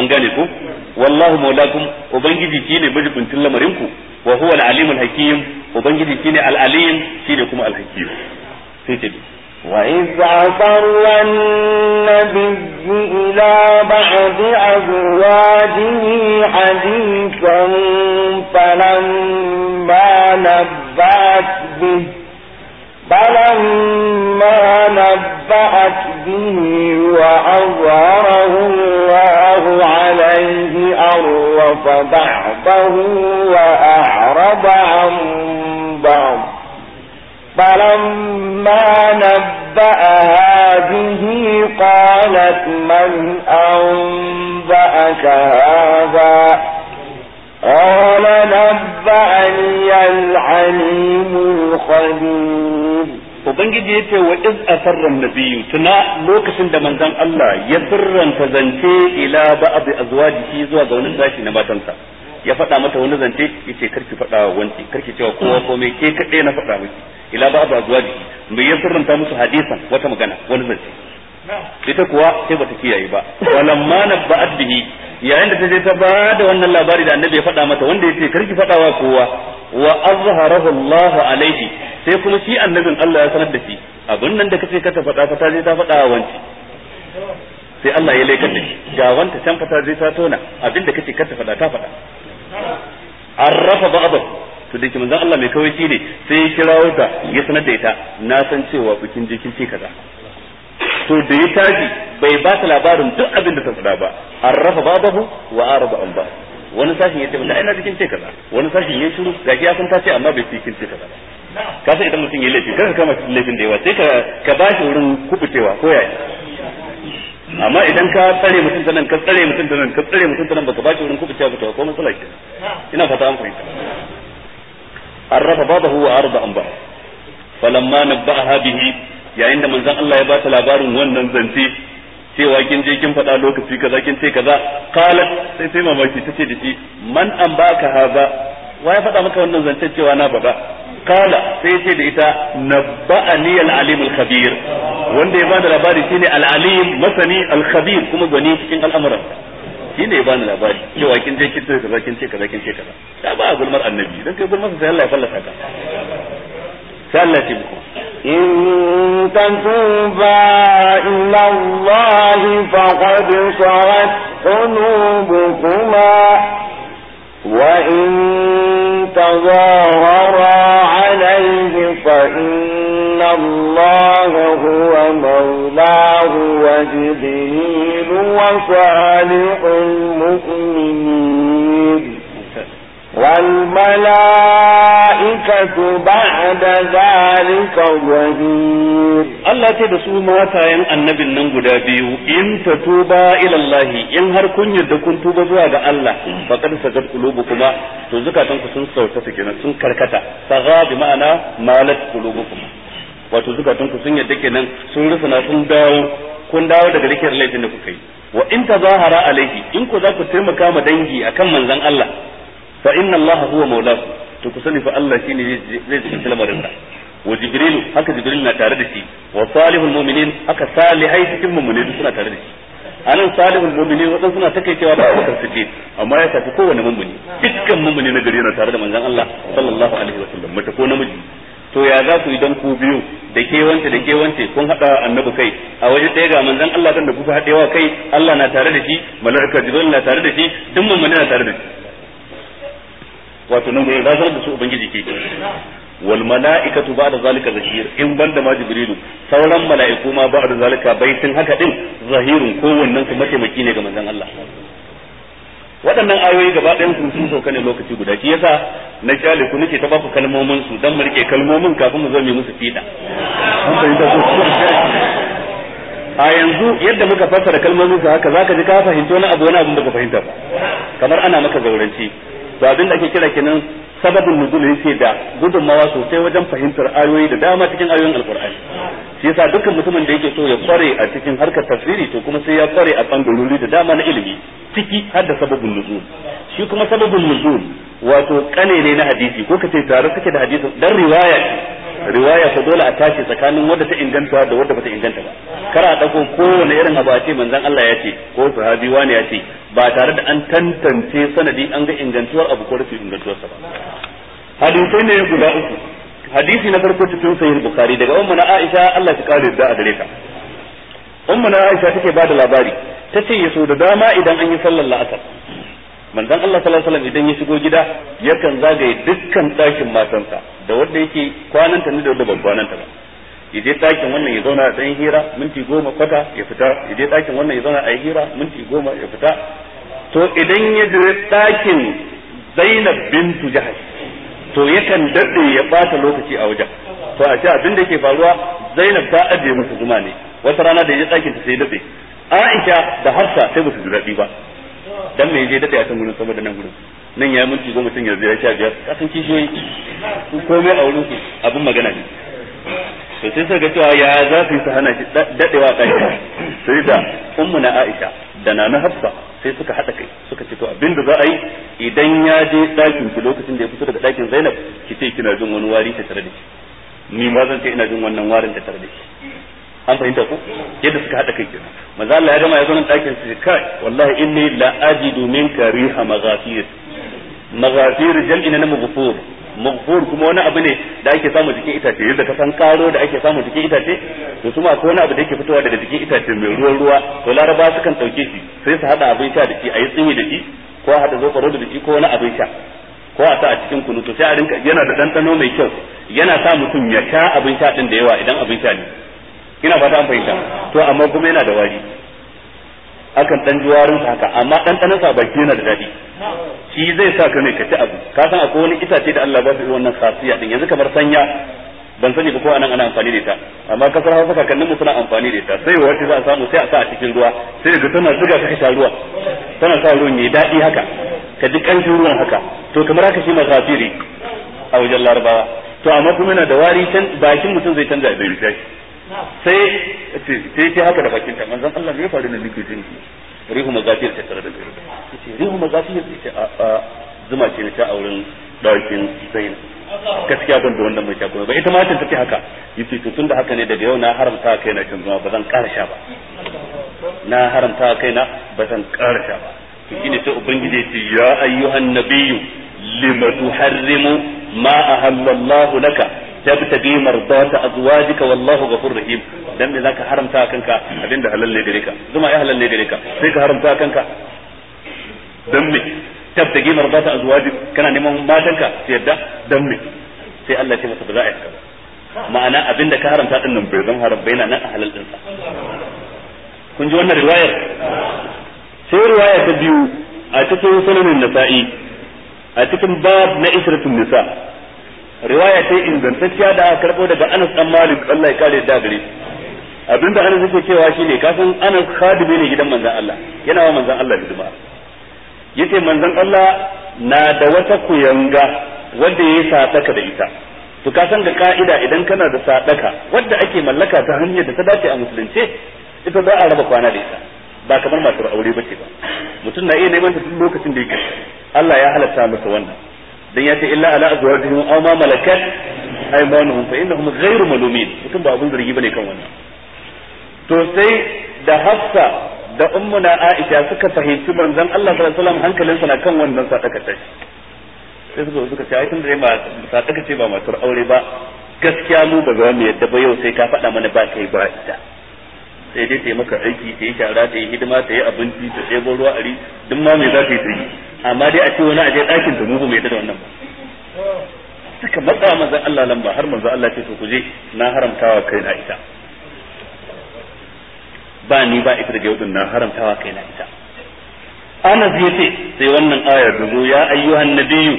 an gane ku wallahu maulakum ubangiji shine majibincin lamarin ku wa huwa al-alim hakim ubangiji shine al shine kuma al وإذ عفر النبي إلى بعض أزواجه حديثا فلما نبأت به فلما نبأت به وأظهره الله عليه أرف بعضه وأعرض عن بعض فلما نبأت أنبأها به قالت من أنبأك هذا قال نبأني العليم الخبير Ubangiji ya ce wa iz asarran biyu tuna lokacin da manzon Allah ya sirranta zance ila ba'd a zuwa jiki zuwa zaunin sashi na matansa ya faɗa mata wani zance yace karki faɗa wa wanci karki cewa kowa komai ke kaɗai na faɗa miki ila ba ba zuwa jiki mai ya sirranta musu hadisan wata magana wani zance ita kuwa sai bata kiyaye ba walamma nabba'at bihi yayin da ta je ta ba da wannan labari da annabi ya faɗa mata wanda yace karki faɗa wa kowa wa azharahu Allah alaihi sai kuma shi annabin Allah ya sanar da shi abin nan da kace ka ta faɗa ta je ta faɗa wa wanci sai Allah ya laikar da shi ga wanta can fa ta ta tona abin da kace ka ta faɗa ta faɗa arrafa abu to da manzon Allah mai kawai ne sai ya kira ta ya sanar da ita na san cewa bikin jikin ce kaza to da ya tashi bai ba ta labarin duk abin da ta faɗa ba arrafa babu wa araba an ba wani sashin ya ce mata ina cikin ce kaza wani sashin ya shiru gashi ya san ta ce amma bai cikin ce kaza ka san idan mutum ya laifi kanka kama laifin da yawa sai ka ka bashi wurin kubutewa ko yaya amma idan ka tsare mutum ta nan ka tsare mutum ta nan ka tsare mutum ta nan baka baki wurin kubuta ba ko matsala ke ina fata an fahimta arrafa babahu wa arda an ba falamma nabba'aha bihi yayin da manzon Allah ya ba ta labarin wannan zance cewa kin je kin faɗa lokaci kaza kin ce kaza qala sai sai mamaki tace da shi man an baka haza wa ya faɗa maka wannan zance cewa na baba kala sai ce da ita nabba'ani al-khabir wanda ya bani labari masani al-khabir kuma cikin al'amuran shi ne ya bani labari cewa kin je kin ce kaza kin ce kaza kin ce kaza ta ba gulmar annabi dan kai gulmar sai Allah ya fallasa ka sai Allah ya عليه فإن الله هو مولاه وجبريل وصالح المؤمنين والملائكة بعد ذلك ظهير الله تدسو ما تاين النبي ننقل بيو إن تتوبا إلى الله إن هر كن يدكن توبا زواج الله فقد سجد قلوبكما تزكى تنكسن سوتتكنا سن كركتا فغا بمعنى مالت قلوبكما wato zukatunku sun yadda kenan sun rusuna sun dawo kun dawo daga rikiyar laifin da kuka yi wa in tazahara zahara alaihi in ku za ku taimaka ma dangi akan manzon Allah fa inna allaha huwa maulahu to ku sani fa Allah shine zai tsinci lamarin sa wa jibrilu haka jibril na tare da shi wa salihul mu'minin haka salihai cikin suna tare da shi anan salihul mu'minin wadan suna takeicewa amma ya tafi mu'mini dukkan mu'mini na gari na tare da manzon Allah sallallahu alaihi mata ko namiji to ya za ku idan ku biyu da ke wance da ke wance kun hada annabi kai a waje ɗaya ga manzon Allah dan da kuka hadewa kai Allah na tare da shi mala'ika jibril na tare da shi dukkan mu'mini na tare da shi wato nan gurin razar da su ubangiji ke wal mala'ikatu ba'da zalika zahir in banda ma jibrilu sauran mala'iku ma ba'da zalika bai tun haka din zahirun ko wannan su mataimaki ne ga manzon Allah waɗannan ayoyi gaba ɗayan sun sun sauka ne lokaci guda shi yasa na kyale ku nake ta baku kalmomin su dan mu rike kalmomin kafin mu zo mu musu fida a yanzu yadda muka fassara kalmomin su haka zaka ji ka fahimta wani abu wani abu da ka fahimta ba kamar ana maka zauranci to abin da ake kira kenan sababin nuzul yake da gudunmawa sosai wajen fahimtar ayoyi da dama cikin ayoyin alkur'ani shi yasa dukkan mutumin da yake so ya kware a cikin harkar tafsiri to kuma sai ya kware a bangarori da dama na ilimi ciki har da sababin nuzul shi kuma sababin nuzul wato kane ne na hadisi ko kace tare suke da hadisi dan riwaya riwaya fa dole a tashi tsakanin wadda ta inganta da wadda ta inganta ba kar a dauko kowane irin abu a ce manzon Allah ya ce ko sahabi wani ya ce ba tare da an tantance sanadi an ga ingantuwar abu ko rashin ingantuwar sa ba hadisi ne guda uku hadisi na farko cikin sahih bukhari daga ummu na aisha Allah ta kare da adare ta ummu na aisha take bada labari tace yaso da dama idan an yi sallar la'asar manzon Allah sallallahu alaihi wasallam idan ya shigo gida yakan zagaye dukkan ɗakin matansa da wanda yake kwananta ne da wanda kwanan ta ba yaje ɗakin wannan ya zauna a hira minti goma kwata ya fita idan ɗakin wannan ya zauna a hira minti goma ya fita to idan ya je ɗakin Zainab bintu Jahash to yakan daɗe ya bata lokaci a wajen to a ce abin da yake faruwa Zainab ta ajiye masa zuma ne wata rana da ya je ɗakin ta sai daɗe Aisha da Hafsa sai ba su ji daɗi ba dan me je dade a san gurin saboda nan gurin nan ya minti goma tun yanzu ya sha biyar kasan kishiyoyi su komai a wurin su abin magana ne to sai suka ga cewa ya za su yi su hana shi dadewa kai sai da ummu na Aisha da nana Hafsa sai suka hada kai suka ce to da za a yi idan ya je dakin ki lokacin da ya fito daga ɗakin Zainab ki ce kina jin wani wari ta tare da shi ni ma zan ce ina jin wannan warin ta tare da shi an fahimta ku yadda suka hada kai kenan manzo Allah ya gama ya zo nan dakin sai kai wallahi inni la ajidu minka riha maghafir maghafir jam'i na maghfur maghfur kuma wani abu ne da ake samu jikin itace yadda ka san karo da ake samu jikin itace to kuma akwai wani abu da yake fitowa daga jikin itace mai ruwan ruwa to laraba sukan dauke shi sai su hada abin sha da shi ayi tsimi da shi ko a hada zofaro da shi ko wani abin sha ko a sa a cikin kunu to sai a rinka yana da dandano mai kyau yana sa mutum ya sha abin sha din da yawa idan abin sha ne ina fata an fahimta to amma kuma yana da wari akan dan juwarin sa haka amma dan dan sa baki yana da dadi shi zai sa ka ne ka ci abu ka san akwai wani itace da Allah ba su wannan khasiya din yanzu kamar sanya ban sani ba ko anan ana amfani da ita amma kasar Hausa kakannin mu suna amfani da ita sai wace za a samu sai a sa a cikin ruwa sai ga tana zuga ka sha ruwa tana sa ruwan yayi dadi haka ka ji kanshin ruwan haka to kamar haka shi ma a wajen larabawa to amma kuma yana da wari bakin mutum zai canza abin da sai sai ta haka da bakinta ta manzon Allah ya faru ne nake jin rihu mazafiyar ta tare da ni rihu mazafir ce a zuma ce ta auren dawakin zain gaskiya ban da wannan mai sha ba ita ma ta tafi haka yace to tunda haka ne daga yau na haramta kai na cin zuma ba zan ƙara sha ba na haramta kai na ba zan ƙara sha ba to shine sai ubangiji ce ya ayyuhan nabiyyu limatu tuharrimu ma ahallallahu laka tabtabi mardata azwajika wallahu ghafurur rahim dan me zaka haramta kanka abinda halal ne gare ka zuma ya halal ne gare ka sai ka haramta kanka dan me tabtabi mardata azwajik kana neman matanka sai yadda dan me sai Allah ya masa ba za a yi ma'ana abinda ka haramta din nan bai zan haram bai na nan a halal din sa kun ji wannan riwayar sai riwaya ta biyu a cikin sunanin nasa'i a cikin bab na isratul nisa' riwaya ta ingantacciya da aka karbo daga Anas dan Malik Allah ya kare da gare abinda Anas yake cewa shine kafin Anas khadimi ne gidan manzon Allah yana wa manzon Allah hidima yace manzon Allah na da wata kuyanga wanda yayi sadaka da ita to ka san da ka'ida idan kana da sadaka wanda ake mallaka ta hanyar da ta dace a musulunce ita za a raba kwana da ita ba kamar masu aure bace ba mutum na iya neman ta duk lokacin da yake Allah ya halatta masa wannan dan ya ce illa ala azwajihim aw ma malakat aymanuhum fa innahum ghayru malumin mutum ba abun zargi bane kan wannan to sai da Hafsa da ummuna Aisha suka fahimci manzon Allah sallallahu alaihi wasallam hankalinsa na kan wannan sadaka ta sai suka suka ce ai tun da ba sadaka ce ba matar aure ba gaskiya mu ba za mu yadda ba yau sai ka faɗa mana ba kai ba ita sai dai ta yi maka aiki ta yi shara ta yi hidima ta yi abinci ta ɗebo ruwa a duk ma mai za ta yi ta yi amma dai a ce wani a je ɗakin ta mu bai da wannan ba suka matsa manzon Allah ba har manzon Allah ce to kuje je na haramtawa kai na ita ba ni ba ita da yau na haramtawa kai na ita Anas yace sai wannan ayar da zo ya ayyuhan nabiyyu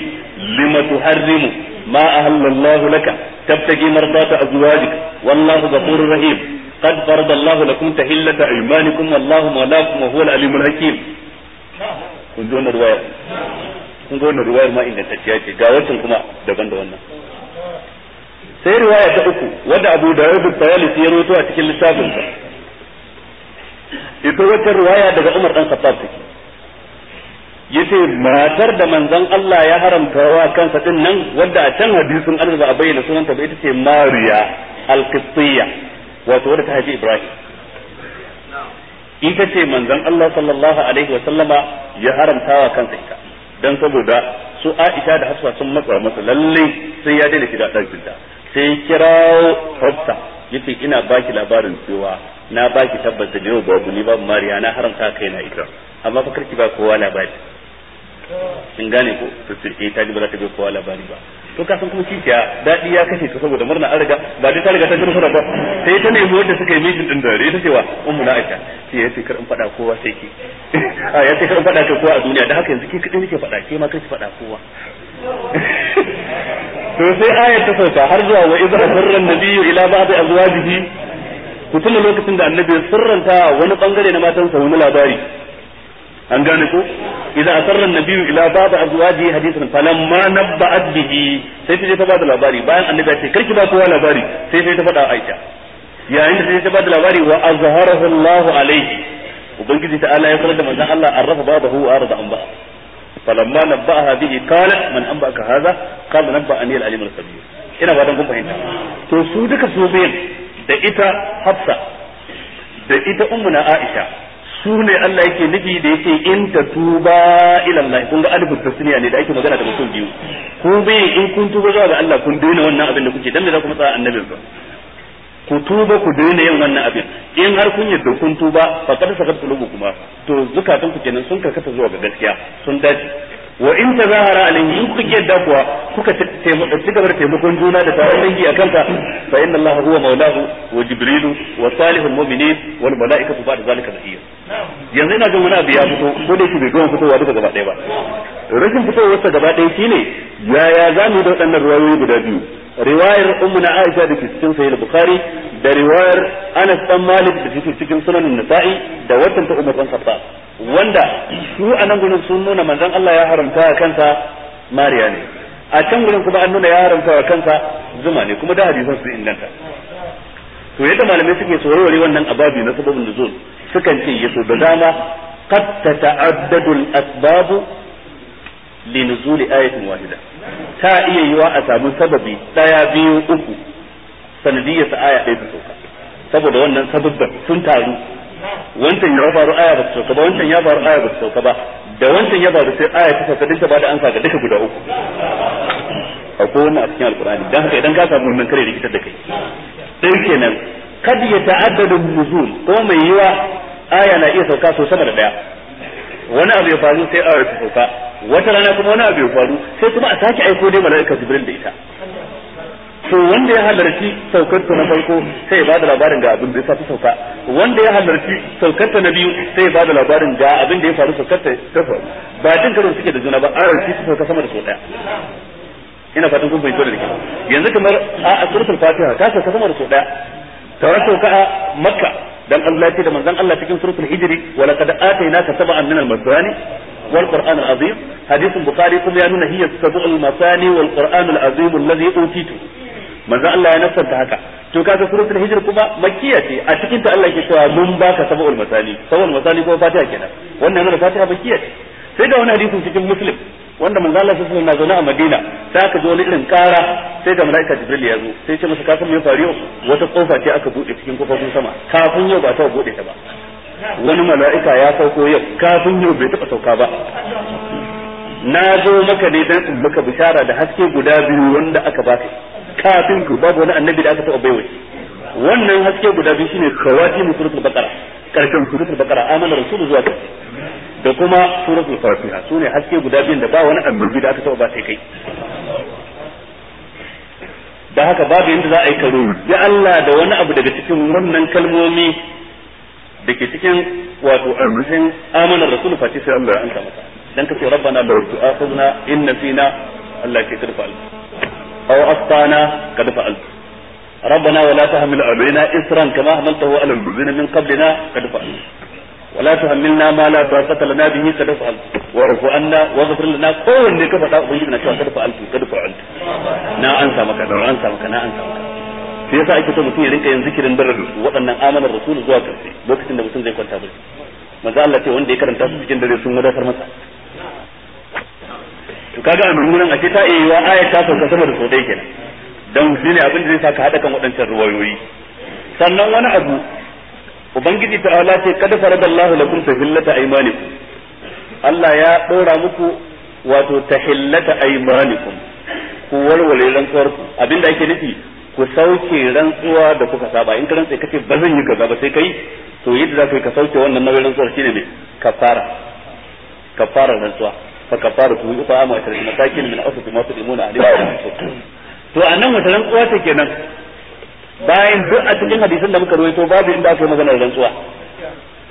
lima tuharrimu ma ahallallahu laka tabtagi mardata azwajik wallahu ghafurur rahim qad farada Allahu lakum tahillata aymanikum wallahu mawlaakum wa huwal alimul hakim kun ji wannan ruwayar kun ga wannan ruwayar ma ingantacciya ce ga wancan kuma daban da wannan sai ruwaya ta uku wadda Abu Dawud at-Tayalisi ya rawaito a cikin littafin sa ita wata ruwaya daga Umar dan Khattab take yace matar da manzon Allah ya haramta wa kansa din nan wadda a can hadisin Allah ba a bayyana sunanta ba ita ce Mariya al-Qibtiyya wato wadda ta haifi Ibrahim ita ce manzon Allah sallallahu alaihi wa sallama ya haramta wa kansa ita dan saboda su Aisha da Hafsa sun matsa masa lalle sai ya daina shiga ɗakin ta sai kirawo Hafsa yace ina baki labarin cewa na baki tabbata da yau babu ni babu Mariya na haramta kai na ita amma fa karki ba kowa labari in gane ko to sai ta ji ba za ta bi kowa labari ba to ka san kuma cikiya daɗi ya kashe ta saboda murna an riga ba dai ta riga ta ji nasara ba sai ta nemi wanda suka yi mijin din dare ta cewa ummu na aisha sai ya ce kar in faɗa kowa sai ki a ya ce kar in faɗa ka kowa a duniya da haka yanzu ke kadai nake faɗa ke ma kar ki faɗa kowa to sai ayat ta sauka har zuwa wa idza sarra nabiyyu ila ba'd azwajihi ku tuna lokacin da annabi sirranta wani bangare na matansa wani labari an gane ko idan asarran nabiyyu ila ba'd azwaji hadithan falamma nabba'at bihi sai ta bada labari bayan annabi ce karki ba kowa labari sai sai ta faɗa Aisha yayin da sai ta bada labari wa azharahu Allah alayhi ubangiji ta Allah ya sanar da manzon Allah arrafa babahu wa arada an ba nabba'aha bihi man anba'aka hadha qala nabba'ani al-alim al-khabir ina ba dan kun fahimta to su duka su da ita Hafsa da ita ummuna Aisha su ne Allah yake nufi da yake in ta tuba ila Allah kun ga alif tasniya ne da ake magana da mutum biyu ku bi in kun tuba zuwa ga Allah kun daina wannan abin da kuke dan me za ku matsa annabin ba ku tuba ku daina yin wannan abin in har kun yadda kun tuba fa kada sakat kuma to zukatan ku kenan sun karkata zuwa ga gaskiya sun dace wa in tazahara in kuke yadda kuwa kuka ci gaba da taimakon juna da taron dangi a kanta fa inna allaha huwa maulahu wa jibrilu wa salihul mu'minin wal malaikatu ba'da zalika zahir yanzu ina jin wani abu ya fito ko da yake bai gama fitowa duka gaba ɗaya ba rashin fitowar sa gaba ɗaya shine yaya za mu da waɗannan riwayoyi guda biyu riwayar ummu na Aisha da ke cikin sahih bukhari da riwayar Anas dan Malik da ke cikin sunan Nasa'i da watan ta Umar dan Khattab wanda su a nan gurin sun nuna manzon Allah ya haramta wa kansa mariya ne a can gurin kuma an nuna ya haramta wa kansa zuma ne kuma da hadisan su inganta to yadda malamai suke tsorowari wannan ababi na sababin zuwa sukan ce yaso da dama qad tata'addadu al-asbab li nuzul ayatin wahida ta iya yiwa a samu sababi daya biyu uku sanadiyyar aya ɗaya ta sauka saboda wannan sababin sun taru wancan ya faru aya ba sauka ba wancan ya faru aya ba sauka ba da wancan ya faru sai aya ta sauka din ta da ansa ga duka guda uku akwai wannan a cikin alkur'ani dan haka idan ka samu wannan kare rikitar da kai sai kenan kad ya ta'addadu nuzul ko mai yiwa aya na iya sauka so sama da daya wani abu ya faru sai aya ta sauka wata rana kuma wani abu ya faru sai kuma a sake aiko dai mala'ika jibril da ita to wanda ya halarci saukar ta na farko sai ya bada labarin ga abin da ya sa sauka wanda ya halarci saukar ta na biyu sai ya bada labarin ga abin da ya faru saukar ta faru ba jin karo suke da juna ba an rarci su sauka sama da sau daya ina fatan kun fahimta da kyau yanzu kamar a suratul fatiha ta sauka sama da sau daya tare sauka a makka dan Allah ce da manzon Allah cikin suratul hijri wala kad atainaka sab'an min al-masani والقرآن العظيم حديث البخاري كما يقول هي السبع المثاني والقرآن العظيم الذي أوتيته manzo Allah ya nasanta haka to kaga suratul hijr kuma makkiya ce a cikin ta Allah ke cewa mun baka sabul masali sabul masali ko fatiha kenan wannan yana fatiha makkiya ce sai da wani hadisi cikin muslim wanda manzo Allah sallallahu alaihi wasallam na zaune a Madina sai aka zo wani irin kara sai da malaika Jibril ya zo sai ce masa ka san me faru wata kofa ce aka bude cikin kofofin sama kafin yau ba ta bude ta ba wani mala'ika ya sauko yau kafin yau bai taba sauka ba na zo maka ne dan maka bishara da haske guda biyu wanda aka baka kafin ku babu wani annabi da aka taɓa baiwa wannan haske guda biyu shine kawati mu suratul baqara karshen suratul baqara amana rasulu zuwa ta da kuma suratul fatiha sune haske guda biyun da ba wani annabi da aka taɓa ba sai kai da haka babu yadda za a yi karo ya Allah da wani abu daga cikin wannan kalmomi da ke cikin wato amrin amana rasul fati sai Allah ya anta maka dan kace rabbana la tu'akhidna in nasina Allah ke karfa aw asfana kad fa'al ربنا ولا تحمل علينا إسرا كما حملته على الذين من قبلنا قد فعلنا ولا تحملنا ما لا طاقة لنا به قد فعلت واعف عنا واغفر لنا كون لك فتا أبينا قد فعلت قد فعلت نا أنسى مكا نا أنسى مكا نا أنسى مكا sai yasa ake so mutum ya rinka yin zikirin barar waɗannan amanar rasul zuwa karfe lokacin da mutum zai kwanta barci manzo Allah ce wanda ya karanta su dare sun wadatar masa to kaga a nan a ce ta iya yiwa ayat ta sauka sama da sau ɗaya kenan dan shi ne abin da zai saka haɗa kan waɗancan ruwayoyi sannan wani abu ubangiji ta'ala ce kada faradallahu lakum tahillata aymanikum Allah ya ɗora muku wato tahillata aymanikum ku warware rantsuwar ku abinda ake nufi ku sauke rantsuwa da kuka saba in ka rantsa kace ba zan yi kaza ba sai kai to yadda za ka sauke wannan nauyin rantsuwar shine ne kafara kafara rantsuwa فكفارته إطعام عشرة مساكين من أوسط ما تطعمون أهلكم to anan wata rantsuwa ta kenan bayan duk a cikin hadisin da muka rawaito babu inda aka yi magana da rantsuwa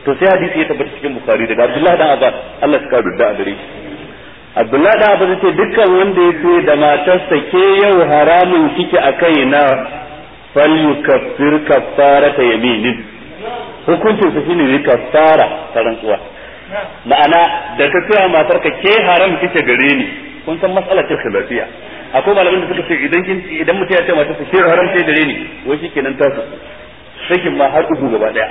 to sai hadisi ya tabbata cikin bukhari daga abdullah dan abbas Allah ya karu da gare abdullah dan abbas yace dukkan wanda yace da matarsa ke yau haramun kike a kaina falyukaffir kaffarata yaminin hukuncin sa shine kafara ta rantsuwa ma'ana da ka tsaya matar ka ke haram kike gare ni kun san matsalar ta lafiya akwai malamin da suka ce idan kin idan mutum ya ce ka ke haram kike gare ni wai shikenan ta su sakin ma har uku gaba daya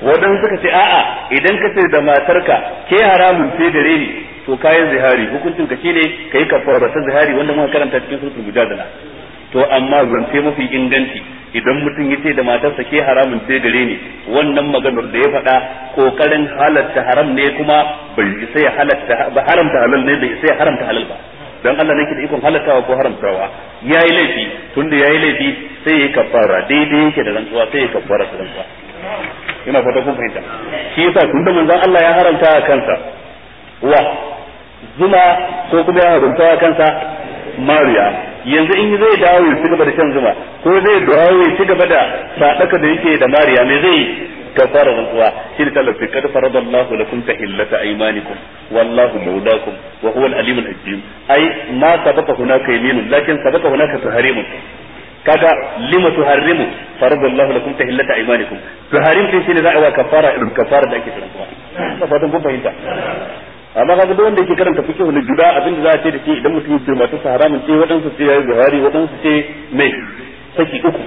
wadan suka ce a'a idan ka ce da matarka ke haramun sai gare ni to kayan zihari hukuncin ka shine kai kafara ta zihari wanda muka karanta cikin suratul mujadala to amma zance mafi inganci idan mutum ya ce da matarsa ke haramun sai gare ni wannan maganar da ya faɗa kokarin halatta haram ne kuma bai sai halatta ba haramta halal ne bai sai haramta halal ba dan Allah ne ke da ikon halattawa ko haramtawa yayi laifi tunda yayi laifi sai ya kafara daidai yake da rantsuwa sai ya kafara da rantsuwa ina fata kun fahimta shi yasa tunda manzon Allah ya haramta kansa wa zuma ko kuma ya haramta kansa mariya yanzu in zai dawo ya ci gaba da shan zuma ko zai dawo ya ci gaba da sadaka da yake da mariya me zai kafara rantsuwa shi ne tallafi kada lakum tahillata aymanikum wallahu mawlakum wa huwa al-alim al-hakim ai ma hunaka yaminun lakin hunaka tahrimun kaga lima tuharrimu lakum tahillata aymanikum za wa kafara irin kafara da ake rantsuwa ba fatan kun fahimta amma kaga duk wanda yake karanta fiqhul juda abin da za a ce da shi idan mutum yake mata haramun ce wadansu ce yayi buhari wadansu ce mai saki uku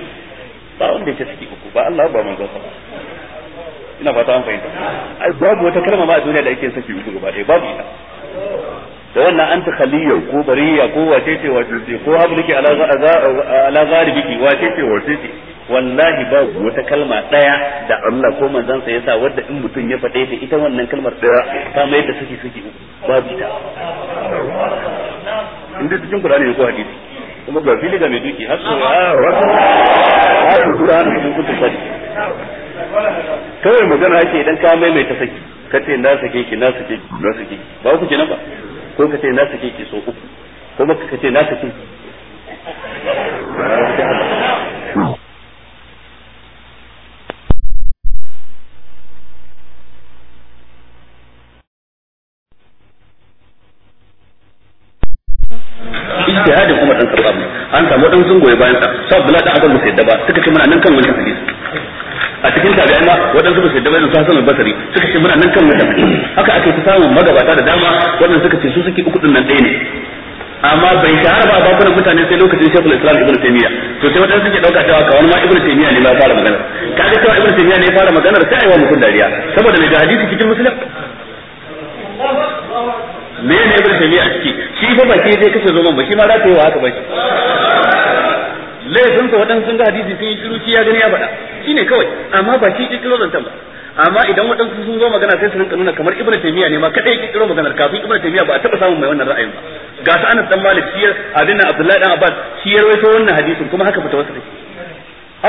ba wanda yake saki uku ba Allah ba manzo ba ina fata an fahimta ai babu wata kalma ma a duniya da yake saki uku ba dai babu ita da wannan an takhaliyya ko bariya ko wace ce wace ce ko hablike ala ala zaribiki wace ce wace ce wallahi ba wata kalma daya da Allah ko manzon sa yasa wanda in mutum ya faɗe ta ita wannan kalmar daya ta mai da suke suke ba ta inda cikin Qur'ani ne ko hadisi kuma ga fili ga mai duki har so har Qur'ani cikin kutub sadi kawai magana ake idan ka mai mai ta saki kace na sake ki na sake ki na sake ki ba ku kenan ba ko ce na sake ki so uku ko ka ce na sake ki waɗansu sun goyi bayan sa sa Abdullahi da Abbas ba yadda ba suka ce muna nan kan wannan hadisi a cikin tabi'ai ma waɗansu ba su yadda bayan irin su Hassan al-Basri suka ce muna nan kan wannan hadisi haka ake ta samun magabata da dama waɗanda suka ce su suke uku din nan ɗaya ne amma bai shahara ba bakunan mutane sai lokacin shekul islam ibn taymiya to sai wadansu suke dauka cewa kawai ma ibn taimiyya ne ma ya fara magana ga cewa ibn taimiyya ne ya fara magana sai yi wa mutum dariya saboda mai da hadisi cikin muslim me ne ibn a ciki shi fa ba ke zai kace zo man ba shi ma za ta yi wa haka ba shi laifin sa waɗansu sun ga hadisi sun yi shiru shi ya gani ya faɗa shine kawai amma ba shi kikiro zantan ba amma idan waɗansu sun zo magana sai su rinka nuna kamar ibnu taymiya ne ma kadai kikiro maganar kafin ibnu taymiya ba a taɓa samun mai wannan ra'ayin ba ga su anas dan malik shi abin nan abdullahi dan abbas shi ya rawaito wannan hadisin kuma haka fita wasu take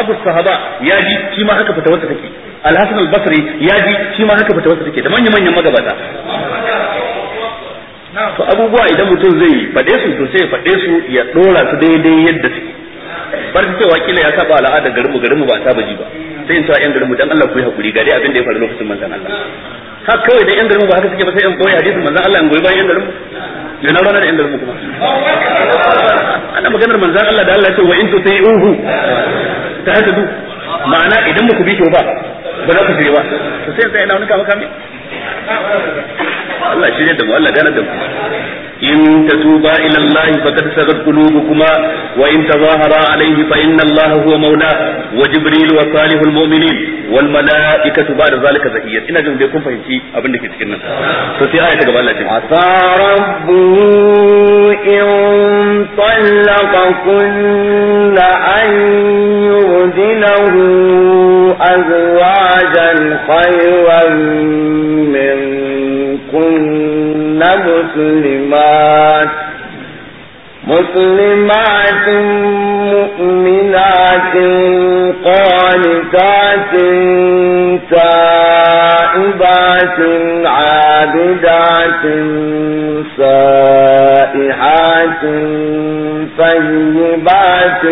abu sahaba ya ji shi ma haka fita wasu take alhasan hasan al-basri ya ji shi ma haka fita wasu take da manyan manyan magabata to abubuwa idan mutum zai faɗe su to sai ya faɗe su ya ɗora su daidai yadda suke bar cewa kila ya saba al'ada garin mu garin mu ba ta ji ba sai in sa yan garin mu dan Allah ku yi hakuri ga dai abin da ya faru lokacin manzon Allah har kawai dan yan garin mu ba haka suke ba sai in koyi hadisin manzon Allah in goyi bayan yan garin mu yana rana da yan garin mu kuma ana maganar manzon Allah da Allah ya ce wa in tuti'uhu ta haka du ma'ana idan muku bi shi ba ba za ku je ba sai sai ina wani kama kame Allah ne da mu Allah gane da mu إن تتوبا إلى الله فقد سغت قلوبكما وإن تظاهرا عليه فإن الله هو مولاه وجبريل وصالح المؤمنين والملائكة بعد ذلك زكية إن جمع بيكم فهمتي أبن لك تكنا ففي آية قبل الله عسى ربه إن طلقكن أن يردله أزواجا خيرا كن مسلمات مسلمات مؤمنات قانتات تائبات عابدات سائحات طيبات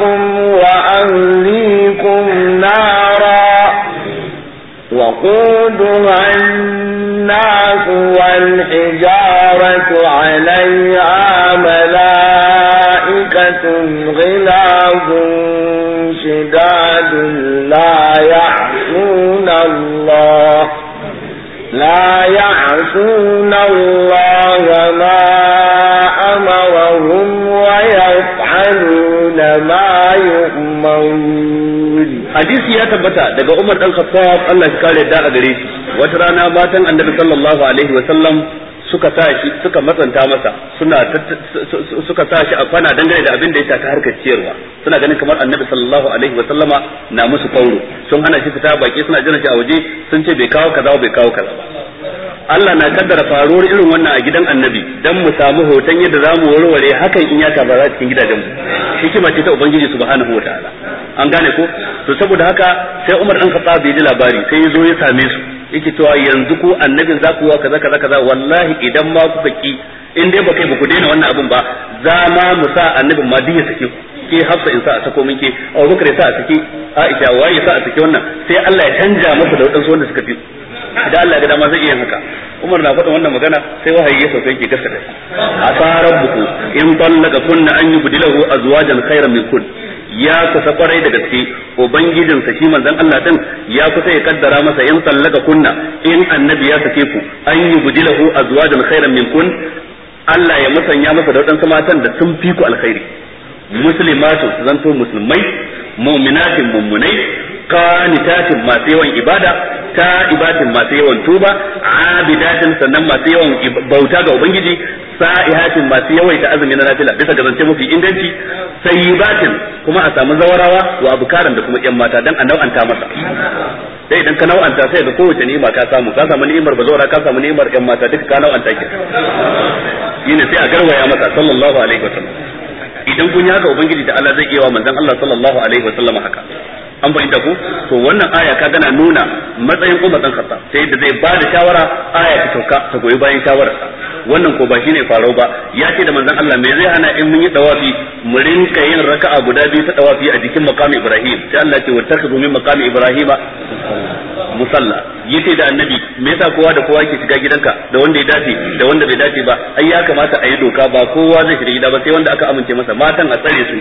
لكم وأهليكم نارا وقودها الناس والحجارة عليها ملائكة غلاظ شداد لا يعصون الله لا يعصون الله la يؤمنون hadisi ya tabbata daga Umar dan Khattab Allah ya kare da gare shi wata rana matan annabi sallallahu alaihi wa sallam suka sa shi suka matsanta masa suna suka sa shi a kwana dangane da abin da ya taka harkar ciyarwa suna ganin kamar annabi sallallahu alaihi wa sallama na musu fauro sun hana shi fita baki suna jira shi a waje sun ce bai kawo kaza bai kawo kaza ba Allah na kaddara faruwar irin wannan a gidan annabi dan mu samu hoton yadda za mu warware hakan in ya tabara cikin gidajen mu hikima ce ta ubangiji subhanahu wataala an gane ko to saboda haka sai Umar dan Khattab bai ji labari sai ya zo ya same su yake cewa yanzu ko annabin za ku kaza kaza kaza wallahi idan ma kuka saki in dai ba kai ba ku daina wannan abin ba za ma mu sa annabin ma duk ya sake ku ke Hafsa in sa a sako min ke Bakar ya sa a sake Aisha waye ya sa a sake wannan sai Allah ya canja masa da wadansu wanda suka fi idan Allah ya ga dama zai iya haka Umar na faɗin wannan magana sai wahayi ya ke ke gaskata shi tsarar buku in tallaka kunna an yi a azwajan khairan min kun ya kusa kwarai da gaske ubangijin sa shi manzon Allah din ya kusa ya kaddara masa in tallaka kunna in annabi ya sake ku an yi a azwajan khairan min kun Allah ya musanya masa da waɗansu matan da sun fi ku alkhairi muslimatu zanto musulmai mu'minatin mummunai qanitatin masu yawan ibada ta ibatin masu yawan tuba abidatin sannan masu yawan bauta ga ubangiji sa'ihatin masu yawaita azumi na nafila bisa ga zance mafi inganci sayyibatin kuma a samu zawarawa wa abukaran da kuma yan mata dan a nau'anta masa sai idan ka nau'anta sai ga kowace ni'ima ka samu ka samu ni'imar bazawara ka samu ni'imar yan mata duka ka nau'anta ki shine sai a garwaya masa sallallahu alaihi wasallam idan kun yaga ubangiji da Allah zai iya wa manzon Allah sallallahu alaihi wasallam haka an fahimta ko to wannan aya ka gana nuna matsayin Umar dan Khattab sai da zai bada shawara aya ta sauka ta goyi bayan shawara. wannan ko ba shine farau ba ya ce da manzon Allah me zai hana in mun yi dawafi mu rinka yin raka'a guda biyu ta dawafi a jikin maqami Ibrahim sai Allah ce ka gumi maqami Ibrahim musalla yace da annabi me yasa kowa da kowa yake shiga gidanka da wanda ya dace da wanda bai dace ba ai ya kamata a yi doka ba kowa zai shiga gida ba sai wanda aka amince masa matan a tsare su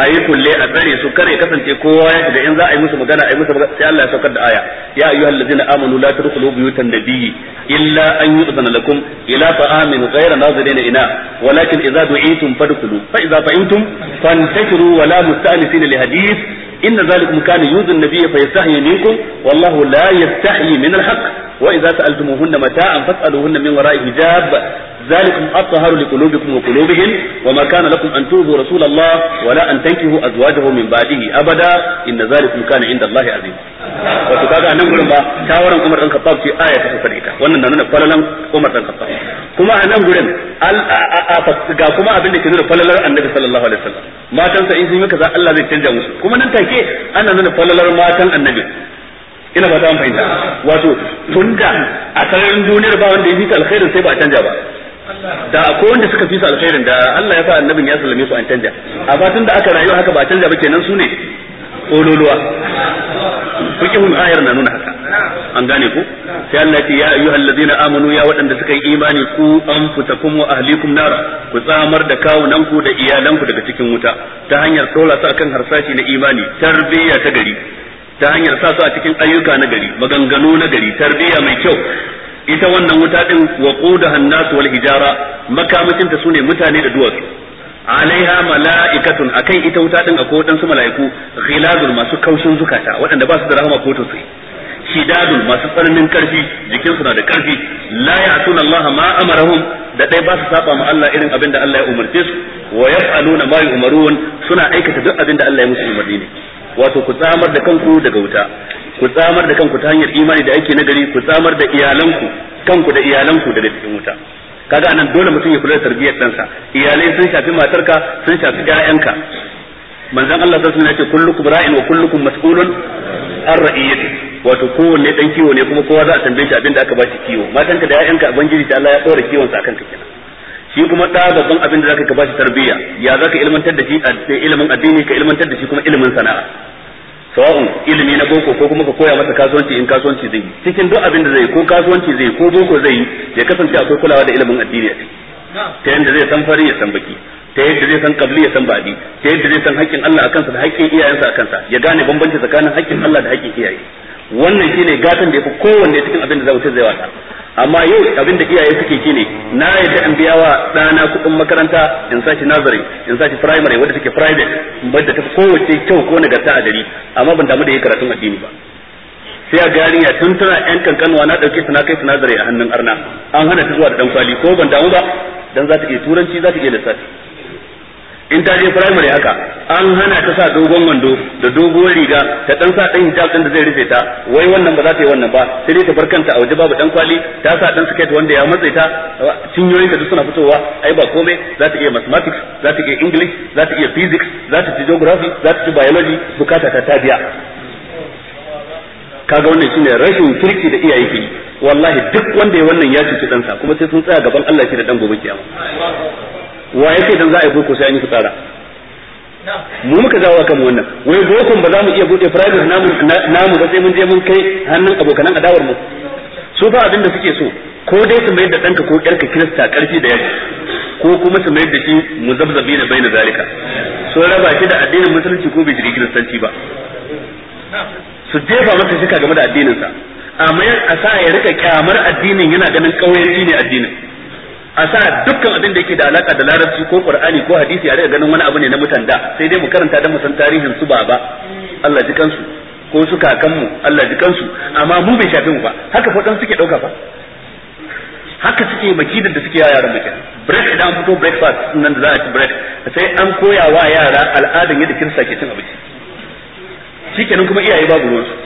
a yi kulle a tsare su kare kasance kowa ya shiga in za a yi musu magana a yi musu magana sai Allah ya saukar da aya ya ayyuhal ladzina amanu la tadkhulu buyutan nabiyyi illa an yu'zana lakum ila ta'amin ghayra nazirina ina walakin idza du'itum fadkhulu fa idza fa'imtum fantashiru wa la musta'nisina li hadith inna zalikum kana yuzun nabiyya fayastahyi minkum wallahu la yastahyi min al-haqq وإذا سألتموهن متاعا wara من وراء حجاب ذلكم أطهر لقلوبكم وقلوبهم وما كان لكم أن تؤذوا رسول الله ولا أن تنكحوا أزواجه من بعده أبدا إن ذلكم كان عند الله عظيما wato kaga anan gurin ba shawaran Umar dan Khattab ce aya ta kusa ita wannan na nuna falalan dan Khattab kuma anan gurin ga kuma abin da ke nuna falalar Annabi sallallahu alaihi wasallam matan sa in sun yi kaza Allah zai canja musu kuma nan nuna falalar matan Annabi ina ba ta fahimta wato tunda a sararin duniyar ba wanda ya fita alkhairin sai ba a canja ba da ko wanda suka fi su alkhairin da Allah ya sa annabin ya sallame su an canja amma tun da aka rayu haka ba canja ba kenan su ne ololuwa hun ayar na nuna haka an gane ku sai Allah ya ayyuhal ladina amanu ya waɗanda suka yi imani ku anfusakum wa ahlikum nar ku tsamar da kawunan ku da iyalan ku daga cikin wuta ta hanyar tola su akan harsashi na imani tarbiyya ta gari ta hanyar sa su a cikin ayyuka na gari maganganu na gari tarbiyya mai kyau ita wannan wuta din wa qudaha an-nas wal hijara makamacin ta sune mutane da duwatsu alaiha mala'ikatun akan ita wuta din akwai wadansu mala'iku ghilazul masu kaushin zukata waɗanda ba su da rahama ko tausayi shidadul masu tsananin karfi jikin su na da karfi la ya'tun Allah ma amarahum da dai ba su saba ma Allah irin abin da Allah ya umarce su wa yaf'aluna ma yu'marun suna aikata duk abin da Allah ya musu umarni wato ku tsamar da kanku daga wuta ku tsamar da kanku ta hanyar imani da ake nagari ku tsamar da iyalanku kanku da iyalanku daga cikin wuta kaga anan dole mutum ya kula da tarbiyyar ɗansa iyalai sun shafi matarka sun shafi ƴaƴanka manzon Allah sallallahu alaihi wasallam ya ce kullukum ra'in wa kullukum mas'ulun an ra'iyyati wato kowanne dan kiwo ne kuma kowa za a tambaye shi abinda aka ba shi kiwo matanka da ƴaƴanka ubangiji ta Allah ya tsora kiwon sa akan ka kenan shi kuma da babban abin da zaka ka bashi tarbiyya ya zaka ilmantar da shi ilimin addini ka ilmantar da shi kuma ilimin sana'a sawa'un ilimi na boko ko kuma ka koya masa kasuwanci in kasuwanci zai yi cikin duk abin da zai ko kasuwanci zai ko boko zai yi ya kasance akwai kulawa da ilimin addini a ciki ta yadda zai san fari ya san baki ta yadda zai san kabli ya san baɗi ta yadda zai san haƙƙin Allah a kansa da haƙƙin iyayensa a kansa ya gane bambanci tsakanin haƙƙin Allah da haƙƙin iyaye wannan shine gatan da ya fi kowanne cikin abin da zai wuce zai wata amma yau abin da iyaye suke ki ne na yadda in biya wa ɗana kuɗin makaranta in shi nazari in shi primary wadda take private wadda ta kowace kyau ko nagarta a gari amma ban damu da yi karatun addini ba sai a garinya tun tana yan kankanwa na ɗauke suna kai sinadarai a hannun arna an hana ta zuwa da ɗan kwali ko ban damu ba dan za ta iya turanci za ta iya lissafi in ta je primary haka an hana ta sa dogon wando da doguwar riga ta dan sa dan hijab din da zai rufe ta wai wannan ba za ta yi wannan ba sai dai ta bar kanta a waje babu dan kwali ta sa dan skirt wanda ya matsa ta cinyoyin ta duk suna fitowa ai ba komai za ta iya mathematics za ta iya english za ta iya physics za ta ci geography za ta ci biology bukata ta tabiya kaga wannan shine rashin kirki da iyaye ke wallahi duk wanda ya wannan ya dan dansa kuma sai sun tsaya gaban Allah shi da dan gobe kiyama wa yake dan za a yi boko sai an yi fitsara mu muka dawo kan wannan wai bokon ba za mu iya bude private namu namu da sai mun je mun kai hannun abokanan adawar mu su fa abin da suke so ko dai su mai da danka ko yarka kirista karfi da yaki ko kuma su mai da shi muzabzabi na bayin zalika so raba shi da addinin musulunci ko bai shiri kiristanci ba su jefa masa shika game da addinin sa amma a sa ya rika kyamar addinin yana ganin kauyanci ne addinin a sa dukkan abin da yake da alaka da larabci ko qur'ani ko hadisi a rika ganin wani abu ne na mutan da sai dai mu karanta dan mu san tarihin su baba Allah ji kansu ko su kakan mu. Allah ji kansu amma mu bai shafi mu ba haka fa dan suke dauka fa haka suke makidar da suke yaran muke. break idan an fito breakfast nan da za a ci break sai an koya wa yara al'adan yadda kirsa ke cin abinci shikenan kuma iyaye babu ruwansu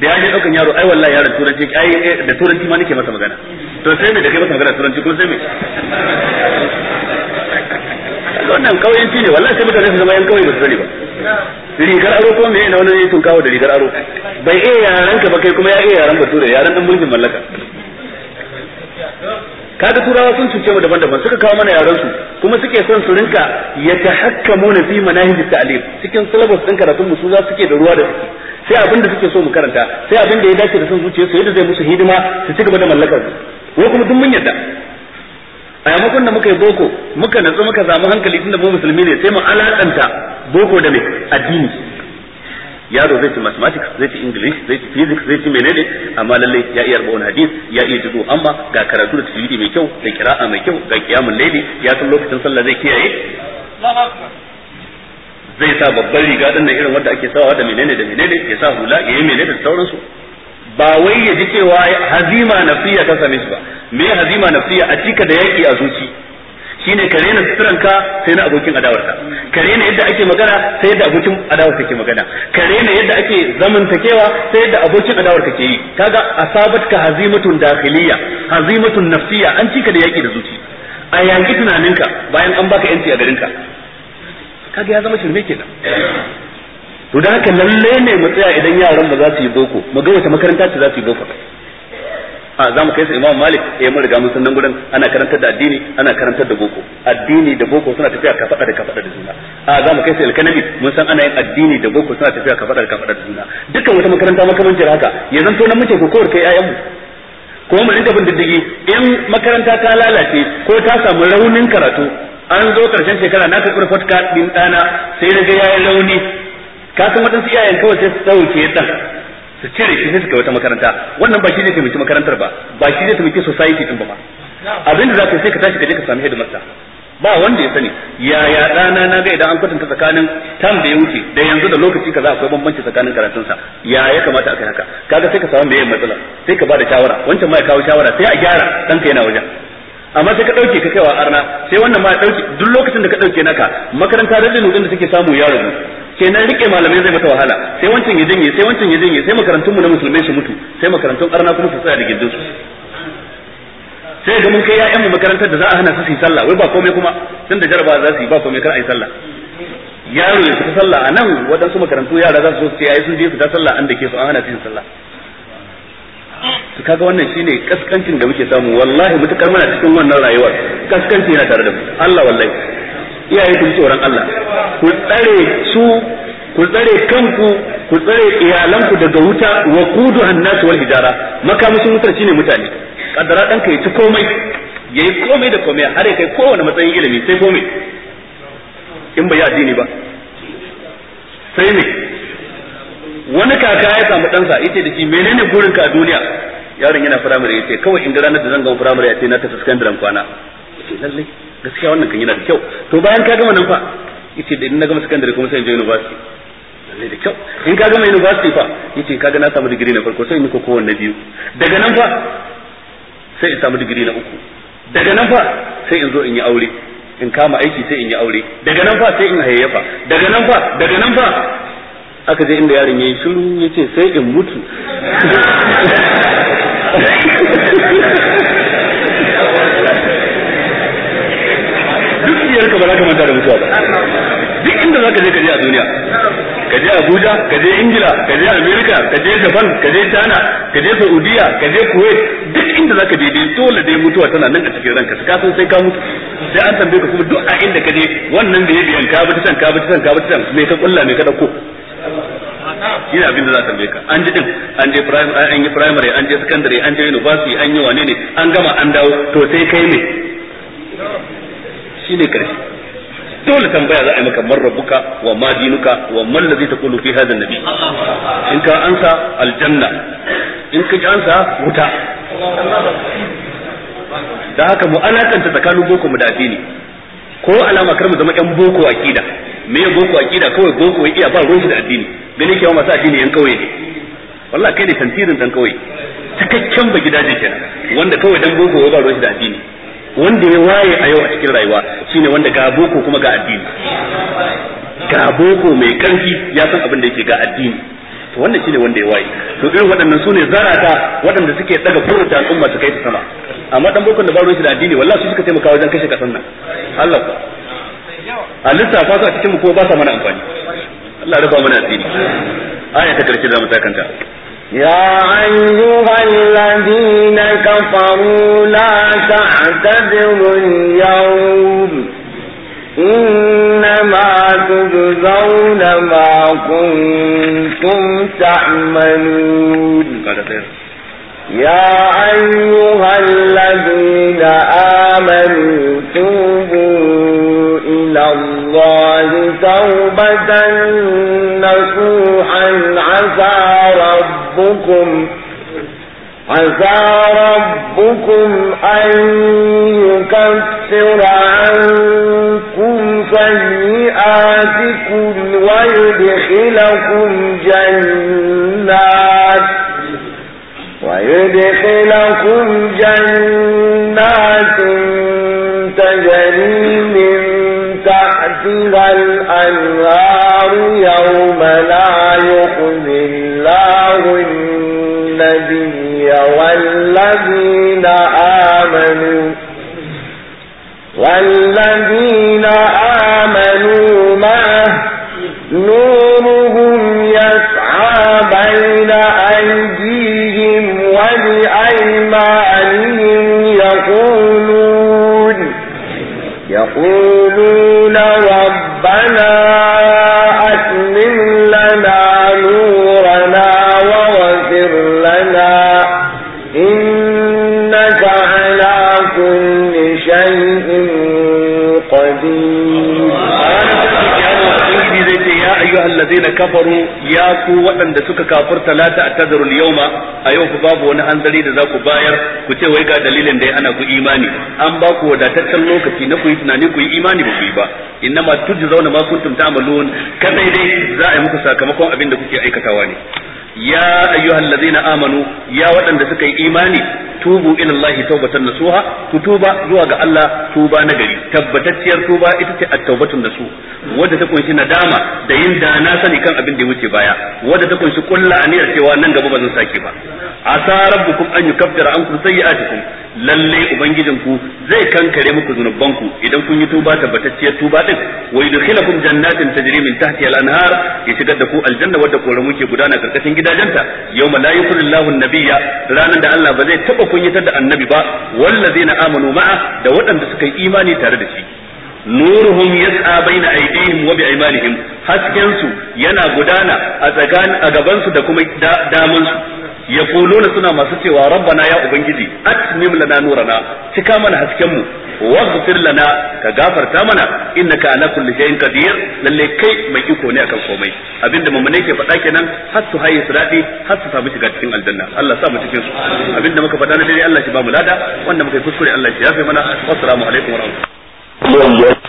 da ya je daukan yaro ai wallahi yaron turanci ai eh, da turanci ma nake masa magana to sai me da kai masa magana turanci ko sai me wannan kauyen ne wallahi sai mutane su zama yan kauye ba su sani ba rigar aro ko me ne wani tun kawo da rigar aro bai iya yaran ka ba kai kuma ya iya yaran bature yaran dan mulkin mallaka kaga turawa sun cuce mu daban-daban suka kawo mana yaran su kuma suke son su rinka yatahakkamuna fi manahij at-ta'lim cikin syllabus din karatun mu su za suke da ruwa da su sai abin da suke so mu karanta sai abin da ya dace da sun zuciya su yadda zai musu hidima su ci gaba da mallakar su ko kuma duk mun yadda a yamakon da muka yi boko muka natsu muka samu hankali tunda mu musulmi ne sai mu alakanta boko da mai addini yaro zai ci mathematics zai ci english zai ci physics zai ci menene amma lalle ya iya rubuta hadisi, ya iya jigo amma ga karatu da tajwidi mai kyau da kira'a mai kyau ga kiyamul laili ya san lokacin sallah zai kiyaye zai sa babban riga din nan irin wanda ake sawa da menene da menene ya sa hula ya yi menene da sauransu ba wai ya ji cewa hazima nafiya ta same shi ba me hazima nafiya a cika da yaki a zuci shine ka rena suturanka sai na abokin adawarka ka rena yadda ake magana sai yadda abokin adawarka ke magana ka rena yadda ake zamantakewa sai yadda abokin adawarka ke yi kaga ka hazimatun dakhiliya hazimatun nafsiya an cika da yaki da zuci a yanki tunaninka bayan an baka yanci a garinka kaga ya zama shirme kenan to da haka lalle ne mu tsaya idan yaran ba za su yi boko mu ga wata makaranta ce za su yi boko a za mu kai su imam malik eh mun riga mun san nan gudan ana karantar da addini ana karantar da boko addini da boko suna tafiya ka fada da ka fada da juna a za mu kai su alkanabi mun san ana yin addini da boko suna tafiya ka fada da ka fada da juna dukkan wata makaranta makamancin haka ya zanto nan muke kokowar kai ƴaƴanmu ko mu rinka bin diddigi in makaranta ta lalace ko ta samu raunin karatu an zo karshen shekara na karɓar fotka ɗin ɗana sai na ga yi launi ka san waɗansu iyayen kawai sai su ɗauke ɗan su cire shi sai su kai wata makaranta wannan ba shi zai taimaki makarantar ba ba shi zai taimaki society ɗin ba ba abinda za ka sai ka tashi ka je ka sami hidimarta ba wanda ya sani yaya ɗana na ga idan an kwatanta tsakanin tam da ya wuce da yanzu da lokaci kaza akwai bambanci tsakanin karatunsa ya ya kamata kai haka kaga sai ka samu mai matsala sai ka bada shawara wancan ma ya kawo shawara sai a gyara ɗanka yana wajen amma sai ka dauke ka kaiwa arna sai wannan ma dauke duk lokacin da ka dauke naka makaranta da din da suke samu ya ragu kenan rike malamai zai mata wahala sai wancan ya janye sai wancan ya janye sai makarantun mu na musulmai su mutu sai makarantun arna kuma su tsaya da gindin su sai ga mun kai ya'yan mu makarantar da za a hana su su yi sallah wai ba komai kuma tunda jaraba za su yi ba komai kar a yi sallah yaro ya fita sallah a nan waɗansu makarantu yara za su so su ce ai sun je su ta sallah an da ke su an hana su yin sallah to kaga wannan shine kaskancin da muke samu wallahi mutukar muna cikin wannan rayuwar kaskanci yana tare da mu Allah wallahi iyaye ku tsoron Allah ku tsare su ku tsare kanku ku tsare iyalanku daga wuta wa kudu hannasu wal hijara makamashin wutar shine mutane kaddara dan ka ci komai yayi komai da komai har ya kai kowane matsayin ilimi sai komai in bai addini ba sai ne wani kaka ya samu ɗansa ita da shi menene gurin ka a duniya yaron yana firamare ce kawai in ranar da zan gama firamare ce na tafi sakandaren kwana ce lalle gaskiya wannan kan yana da kyau to bayan ka gama nan fa ce da in na gama sakandare kuma sai in je university lalle da kyau in ka gama university fa ce kaga na samu digiri na farko sai in yi koko biyu daga nan fa sai in samu digiri na uku daga nan fa sai in zo in yi aure in kama aiki sai in yi aure daga nan fa sai in hayayyafa daga nan fa daga nan fa aka je inda yaron yayi shiru yace sai in mutu duk ka ba za ka manta da mutuwa ba duk inda za ka je ka je a duniya ka je Abuja ka je Ingila ka je America ka je Japan ka je China ka je Saudiya ka je Kuwait duk inda za ka je dai dole dai mutuwa tana nan a cikin ranka ka san sai ka mutu sai an tambaye ka kuma duk a inda ka je wannan da ya biyan ka bi ta ka bi ta ka bi ta me ka kulla me ka dauko ina abin da za ka tambaye ka an ji din an je primary an yi primary an je secondary an je university an yi wane ne an gama an dawo to sai kai ne Shi ne karshe dole tambaya za a yi maka man rabuka wa ma dinuka wa man ladhi taqulu fi hadha nabi in ka ansa aljanna in ka ansa wuta da haka mu alakanta tsakanin boko mu da addini ko alama kar mu zama yan boko akida me ya boko akida kawai boko ya iya ba ruwan da addini gani ke masu addini yan kawai ne wallahi kai ne tantirin dan kawai cikakken ba gidaje kenan wanda kawai dan boko ya ba ruwan da addini wanda ya waye a yau a cikin rayuwa shine wanda ga boko kuma ga addini ga boko mai karfi ya san abin da yake ga addini to wannan shine wanda ya waye to irin waɗannan sune zarata waɗanda suke daga furta al'umma su kai ta sama amma dan bokon da ba ruwan shi da addini wallahi su suka taimaka wajen kashe kasan nan Allah a lissafa su a cikin mu ko ba sa mana amfani Allah rufa mana asiri aya ta karshe za mu sakanta يا أيها الذين كفروا لا تعتذروا اليوم إنما تجزون ما كنتم تعملون يا أيها الذين آمنوا توبوا إلى الله توبة نصوحا عسى ربكم عسى ربكم أن يكفر عنكم سيئاتكم ويدخلكم جنات ويدخلكم جنات تحتها الأنهار يوم لا يخزي الله النبي والذين آمنوا والذين آمنوا معه kafaru ya ku waɗanda suka kafir talata a tazarul yawma a yau ku babu wani hanzari da za ku bayar ku ce wai ga dalilin da ya ana ku imani an ba ku wadataccen lokaci na ku yi tunani ku yi imani ba ku yi ba tuji zauna ma kuntum ta'malun kaɗai dai za a yi muku sakamakon abin da kuke aikatawa ne ya ayyuhal ladina amanu ya waɗanda suka yi imani tubu ila Allah tawbatan nasuha ku tuba zuwa ga Allah tuba na gari tabbatacciyar tuba ita ce at-taubatun nasu wanda ta kunshi nadama da yin da na sani kan abin da ya wuce baya wanda ta kunshi kulla aniyar cewa nan gaba ba zan sake ba asa rabbukum an yukaffira ankum sayyi'atikum lalle ubangijinku zai kankare muku zunubanku idan kun yi tuba tabbatacciyar tuba din wa yudkhilukum jannatin tajri min tahtiha al-anhar ya shigar da ku aljanna wadda koramu ke gudana karkashin gidajenta yawma la yukhrillahu an-nabiyya ranan da Allah ba zai taba kunyatar da annabi ba na amanu ma'a da waɗanda suka yi imani tare da shi nuruhum yas'a baina aydihim wa biaymanihim hasken su yana gudana a tsakanin a gaban su da kuma daman su yaquluna suna masu cewa rabbana ya ubangiji atmim lana nurana cika mana hasken mu waghfir lana ka gafarta mana innaka ala kulli shay'in qadir lalle kai mai iko ne akan komai abinda mamane ke faɗa kenan har su haye su daɗi har su samu shiga cikin aljanna Allah sa mu cikin su abinda muka faɗa ne dai Allah shi ba mu lada wanda muka yi kuskure Allah shi yafe mana wassalamu alaikum wa rahmatullahi